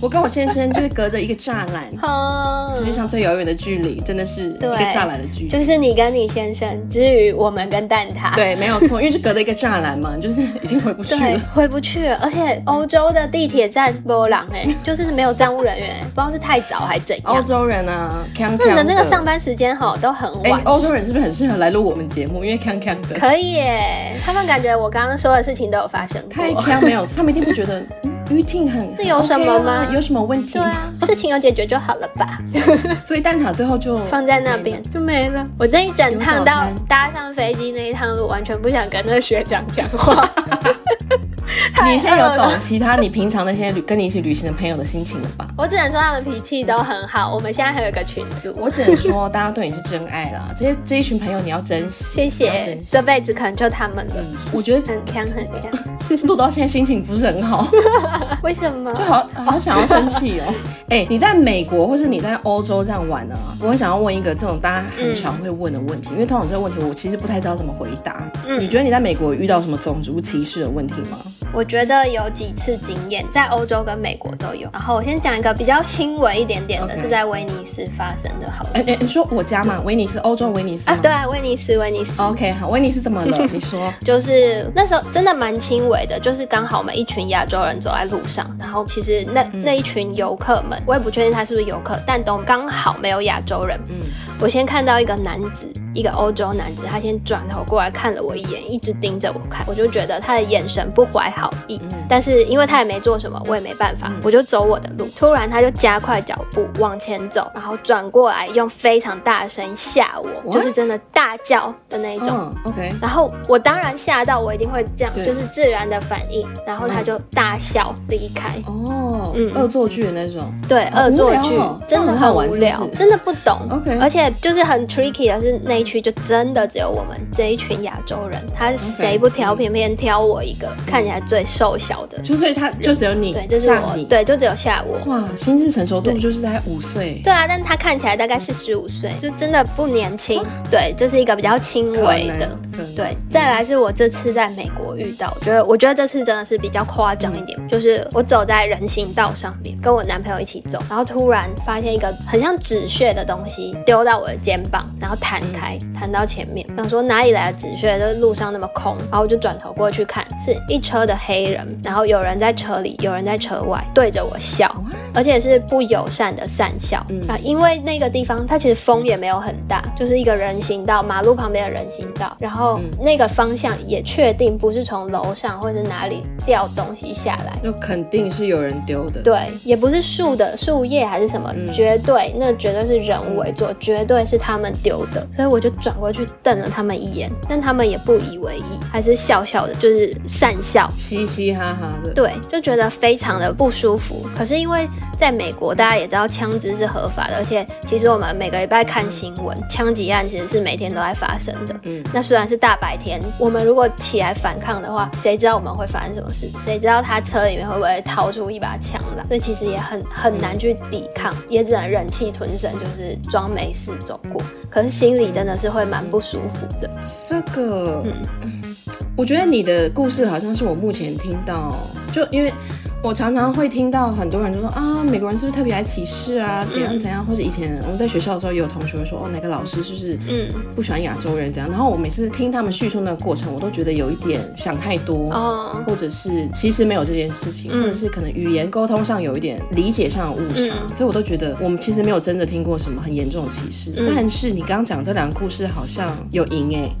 [SPEAKER 1] 我跟我先生就是隔着一個柵欄。 世界上最遙遠的距離，真的是一個柵欄的
[SPEAKER 2] 距離，就是你跟你先生，至於我們跟蛋塔，對，沒有錯，因為就隔着一個柵欄嘛，
[SPEAKER 1] 就是已經回不去。
[SPEAKER 2] 回不去，而且歐洲的地鐵站無人哎，就是沒有站務人員， 不知道是太早還是怎樣。歐洲人啊 kiang kiang，那你的那個上班時間哈都很晚。欸、歐洲人是
[SPEAKER 1] 不是很適合來錄我們節目？因為 kiang kiang 的可
[SPEAKER 2] 以、欸，他們感覺我剛剛說的事情都有發生過。太 kiang。沒有，他們一定不覺得。 預定很，是有什麼嗎、okay 啊？有什麼問題？對啊， 事情有解決就好了吧。 所以蛋撻最後就放在那邊就沒了。我這一整趟到搭上飛機那一趟路，完全不想跟那個學長講話。
[SPEAKER 1] 你現在有懂其他你平常那些旅跟你一起旅行的朋友的心情了
[SPEAKER 2] 吧？ 我只能說他們的脾氣都很好。我們現在還有個群組， 我只能說大家對你是真愛了。這些這一群朋友你要珍惜，謝謝，這輩子可能就他們了。嗯、是是我覺得很像
[SPEAKER 1] 很像。錄到現在心情不是很好，
[SPEAKER 2] 為什麼？就好好想要生氣哦、喔。
[SPEAKER 1] 哎、 欸，你在美國或是你在歐洲這樣玩呢、啊？我想要問一個這種大家很常會問的問題、嗯，因為通常這個問題我其實不太知道怎麼回答。嗯，你覺得你在美國遇到什麼種族歧視的問題嗎？
[SPEAKER 2] 我覺得有幾次經驗，在歐洲跟美國都有。然後我先講一個比較輕微一點點的，是在威尼斯發生的，好
[SPEAKER 1] 了。Okay. 欸，欸，你說我家嘛，威尼斯，歐洲威尼
[SPEAKER 2] 斯啊。對，威尼斯，威尼斯。OK，好，威尼斯怎麼了？ 你說，就是那時候真的蠻輕微的，就是剛好我們一群亞洲人走在路上，然後其實那那一群遊客們、嗯，我也不確定他是不是遊客，但都剛好沒有亞洲人。嗯，我先看到一個男子。一個歐洲男子，他先轉頭過來看了我一眼，一直盯着我看，我就覺得他的眼神不懷好意，嗯。但是因為他也沒做什麼，我也沒辦法，嗯、我就走我的路。突然他就加快腳步往前走，然後轉過來用非常大聲嚇我，就是真的大叫的那一種。嗯，OK。然後我當然嚇到，我一定會這樣，oh, okay. 就是自然的反應。然後他就大笑離開。哦、oh，嗯，惡作劇的那種。對，惡、哦、作劇、哦，真的很無聊，是是真的不懂。OK。而且就是很 tricky，的是那區就真的只有我們這一群亞洲人，他是誰不挑，偏偏挑我一個看起來最瘦小的 okay, okay.、嗯，就所以他就只有你，對，就是我，對，就只有嚇我。哇，
[SPEAKER 1] 心智成熟度就是在五歲，
[SPEAKER 2] 對啊，但他看起來大概四十五歲，就真的不年輕、哦，對，就是一個比較輕微的，對。再來是我這次在美國遇到，我覺得我覺得這次真的是比較誇張一點、嗯，就是我走在人行道上面，跟我男朋友一起走，然後突然發現一個很像紙屑的東西丟到我的肩膀，然後彈開。嗯彈到前面，想說哪裡來的紙屑，就是、路上那麼空，然後我就轉頭過去看，是一車的黑人，然後有人在車裡，有人在車外對着我笑，而且是不友善的訕笑、嗯、啊。因為那個地方它其實風也沒有很大，就是一個人行道，馬路旁邊的人行道，然後、嗯、那個方向也確定不是從樓上或者是哪裡掉東西下來，那
[SPEAKER 1] 肯定是有人丟的，嗯、
[SPEAKER 2] 對，也不是樹的樹葉還是什麼，嗯、絕對那絕對是人為做、嗯，絕對是他們丟的，所以我就就轉過去瞪了他們一眼，但他們也不以為意，還是笑笑的，就是訕笑，嘻嘻哈哈的，對，就覺得非常的不舒服。可是因為在美國，大家也知道槍支是合法的，而且其實我們每個禮拜看新聞，嗯、槍擊案其實是每天都在發生的。嗯，那雖然是大白天，我們如果起來反抗的話，誰知道我們會發生什麼事？誰知道他車裡面會不會掏出一把槍來？所以其實也很很難去抵抗，也只能忍氣吞聲，就是裝沒事走過、嗯。可是心裡真的。是會蠻不舒服的。嗯、這個、嗯，我覺得你的故事
[SPEAKER 1] 好像是我目前聽到，就因為。我常常會聽到很多人就說啊，美國人是不是特別愛歧視啊？怎樣怎樣？嗯、或者以前我們在學校的時候，也有同學們說哦，哪個老師是不是嗯不喜歡亞洲人怎樣？然後我每次聽他們敘述那個過程，我都覺得有一點想太多，哦、或者是其實沒有這件事情、嗯，或者是可能語言溝通上有一點理解上的誤差、嗯，所以我都覺得我們其實沒有真的聽過什麼很嚴重的歧視。嗯、但是你剛剛講這兩個故事，好像有“贏”欸，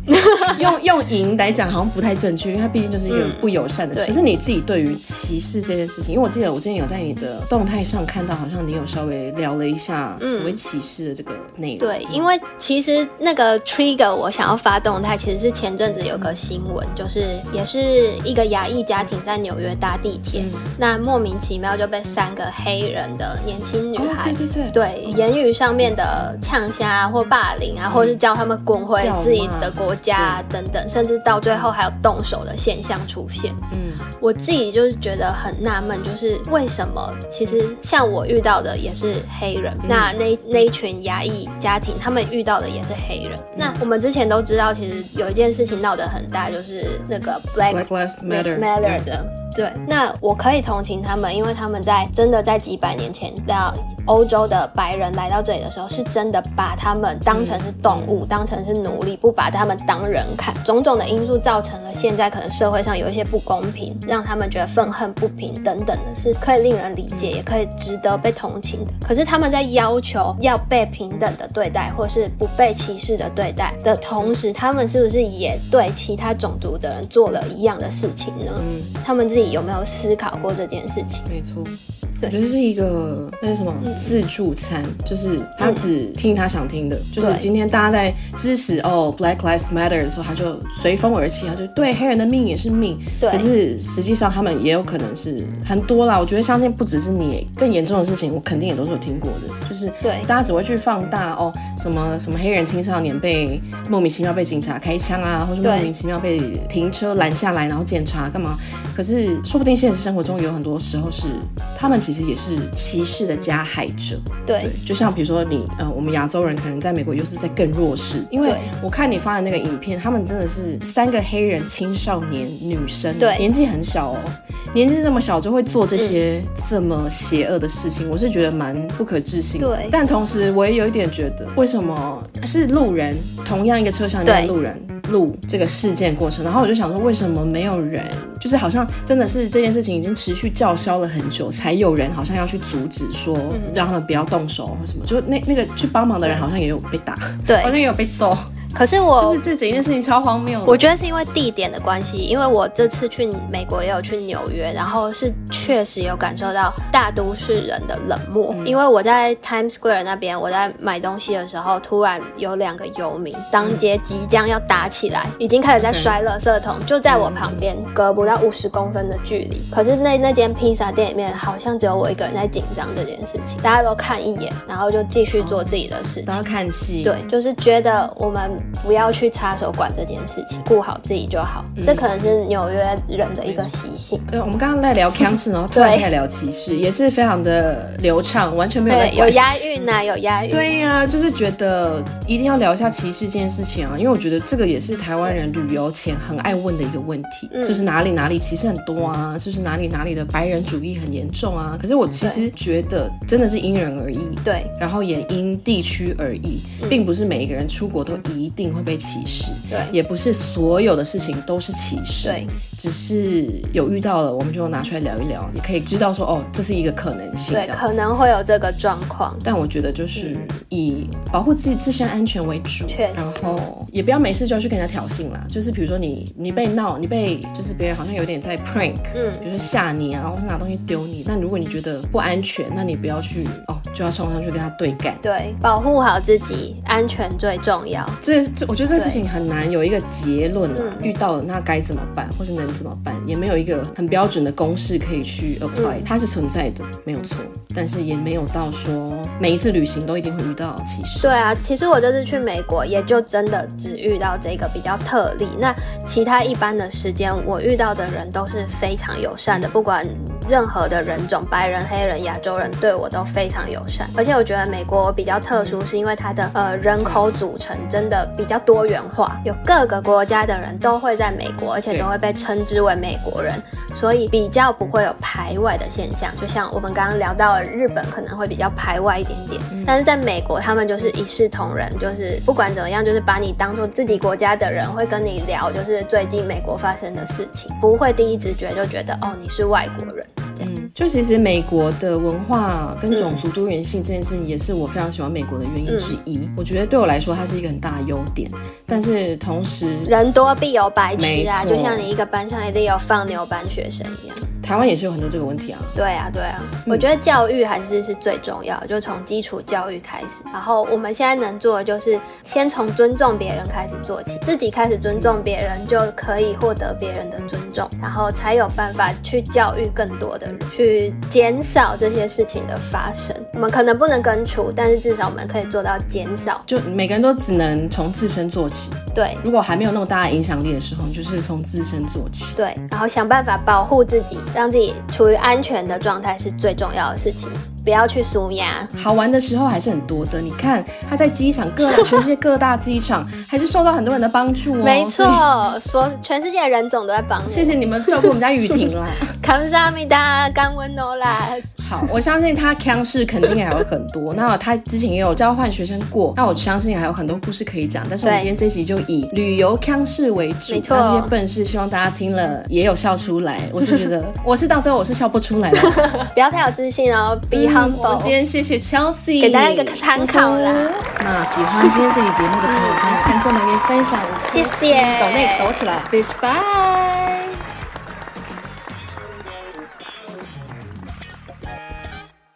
[SPEAKER 1] 用用“贏”來講好像不太正確，因為它畢竟就是一個不友善的事。嗯、可是你自己對於歧視這件事。事情，因為我記得我之前有在你的動態上看到，好像你有稍微聊了一下為、嗯、歧視的這個內容。對，
[SPEAKER 2] 因為其實那個 trigger 我想要發動態，其實是前陣子有個新聞、嗯，就是也是一個亞裔家庭在紐約搭地鐵、嗯，那莫名其妙就被三個黑人的年輕女孩、嗯、哦，對對對，對、哦、言語上面的嗆嚇或霸凌啊、嗯，或是叫他們滾回自己的國家、啊、等，等，等等，甚至到最後還有動手的現象出現。嗯，我自己就是覺得很納。他們就是為什麼？其實像我遇到的也是黑人，嗯、那那那一群亞裔家庭，他們遇到的也是黑人。嗯、那我們之前都知道，其實有一件事情鬧得很大，就是那個 Black, Black Lives Matter, Lives Matter 的。嗯對，那我可以同情他們，因為他們在真的在幾百年前到歐洲的白人來到這裡的時候，是真的把他們當成是動物，嗯、當成是奴隸，不把他們當人看。種種的因素造成了現在可能社會上有一些不公平，讓他們覺得憤恨不平等等的，是可以令人理解，也可以值得被同情的。可是他們在要求要被平等的對待，或是不被歧視的對待的同時，他們是不是也對其他種族的人做了一樣的事情呢？嗯、他們自己。有沒有思考過這件事情？沒錯。我覺得是一個那
[SPEAKER 1] 是什麼自助餐，就是他只聽他想聽的，嗯、就是今天大家在支持哦 Black Lives Matter 的時候，他就隨風而起，他就對黑人的命也是命，對，可是實際上他們也有可能是很多啦。我覺得相信不只是你，更嚴重的事情，我肯定也都是有聽過的，就是對，大家只會去放大哦什麼什麼黑人青少年被莫名其妙被警察開槍啊，或者莫名其妙被停車攔下來然後檢查幹嘛，可是說不定現實生活中有很多時候是他們。其實也是歧視的加害者，對，就像比如說你，呃，我們亞洲人可能在美國又是在更弱勢，因為我看你發的那個影片，他們真的是三個黑人青少年女生，對，年紀很小哦，年紀這麼小就會做這些這麼邪惡的事情，嗯、我是覺得蠻不可置信，對，但同時我也有一點覺得，為什麼是路人，同樣一個車廂裡面路人錄這個事件過程，然後我就想說，為什麼沒有人，就是好像真的是這件事情已經持續叫囂了很久，才有人。人好像要去阻止，說讓他們不要動手或什麼，就、嗯、那那個去幫忙的人好像也有被打，對，好像也有被揍。
[SPEAKER 2] 可是我就是這整件事情超荒謬。我覺得是因為地點的關係，因為我這次去美國也有去紐約，然後是確實有感受到大都市人的冷漠。嗯、因為我在 Times Square 那邊，我在買東西的時候，突然有兩個遊民當街即將要打起來，嗯，已經開始在摔垃圾桶，Okay. 就在我旁邊，隔不到五十公分的距離，嗯。可是那那間披薩店裡面好像只有我一個人在緊張這件事情，大家都看一眼，然後就繼續做自己的事情，哦、都要看戲。對，就是覺得我們。不要去插手管這件事情，顧好自己就好。嗯、這可能是紐約人的一個習性。對、嗯
[SPEAKER 1] 哎，我們剛剛在聊 cancer 然後突然開始聊歧視， 也是非常的流暢，完全沒有有押韻
[SPEAKER 2] 吶，有押韻、啊。啊、 對
[SPEAKER 1] 呀、啊，就是覺得一定要聊一下歧視這件事情啊，因為我覺得這個也是台灣人旅遊前很愛問的一個問題，就、嗯、是，是哪裡哪裡歧視很多啊，就是，是哪裡哪裡的白人主義很嚴重啊。可是我其實覺得真的是因人而異，對，然後也因地區而異，嗯、並不是每一個人出國都一。定會被歧視，對，也不是所有的事情都是歧視，對，只是有遇到了我們就拿出來聊一聊，你可以知道說哦，這是一個可能性，對，可能會有這個狀況，但我覺得就是、嗯、以保護自己自身安全為主，確實，然後也不要沒事就要去跟他挑釁啦。就是比如說你你被鬧，你被就是別人好像有點在 prank，嗯，比如說嚇你啊，或是拿東西丟你，但如果你覺得不安全，那你不要去哦，就要衝上去跟他對幹，
[SPEAKER 2] 對，保護好自己安全最重要。
[SPEAKER 1] 我覺得這個事情很難有一個結論啊，遇到了那該怎麼辦，嗯、或是能怎麼辦，也沒有一個很標準的公式可以去 apply。嗯、它是存在的，沒有錯、嗯，但是也沒有到說每一次旅行都一定會遇到歧
[SPEAKER 2] 視。對啊，其實我這次去美國也就真的只遇到這個比較特例。那其他一般的時間，我遇到的人都是非常友善的，不管任何的人種，白人、黑人、亞洲人對我都非常友善。而且我覺得美國比較特殊，是因為它的、嗯、呃人口組成真的。比較多元化，有各個國家的人都會在美國，而且都會被稱之為美國人，所以比較不會有排外的現象。就像我們剛剛聊到了日本，可能會比較排外一點點，但是在美國，他們就是一視同仁，就是不管怎麼樣，就是把你當做自己國家的人，會跟你聊就是最近美國發生的事情，不會第一直覺得就覺得哦，你是外國人。
[SPEAKER 1] 嗯，就其實美國的文化跟種族多元性這件事，也是我非常喜歡美國的原因之一。嗯，我覺得對我來說，它是一個很大的優點。但是同時，人多必有白痴啊，就像你一
[SPEAKER 2] 個班上一定有放牛班學生一樣。
[SPEAKER 1] 台灣也是有很多這個問題啊。
[SPEAKER 2] 對啊，對啊。嗯，我覺得教育還是是最重要的，就從基礎教育開始。然後我們現在能做的就是先從尊重別人開始做起，自己開始尊重別人，就可以獲得別人的尊重，然後才有辦法去教育更多的人，去減少這些事情的發生。我們可能不能根除，但是至少我們可以做到減少。就每個人都只能從自身做起。
[SPEAKER 1] 對，如果還沒有那麼大的影響力的時候，就是從自身做起。
[SPEAKER 2] 對，然後想辦法保護自己。讓自己處於安全的狀態是最重要的事情。不要去蘇亞、
[SPEAKER 1] 嗯。好玩的時候還是很多的。你看他在機場各全世界各大機場，
[SPEAKER 2] 還是受到很多人的幫助哦。沒錯，說全世界的人總都在幫。謝謝你們照顧我們家雨婷啦！ 好，我相信他腔 a
[SPEAKER 1] 肯定還有很多。 那他之前也有交換學生過，那我相信還有很多故事可以講。但是我們今天這集就以旅遊腔 a 為主，他這些笨事，希望大家聽了也有笑出來。我是覺得，我是到最後我是笑不出來的。
[SPEAKER 2] 不要太有自信哦、嗯 嗯、我們今天謝謝 Chelsea，給大家一個參考了。
[SPEAKER 1] 嗯、 那喜歡今天這期節目的朋
[SPEAKER 2] 友，可以看下面分享。謝謝，抖內抖起來，fish bye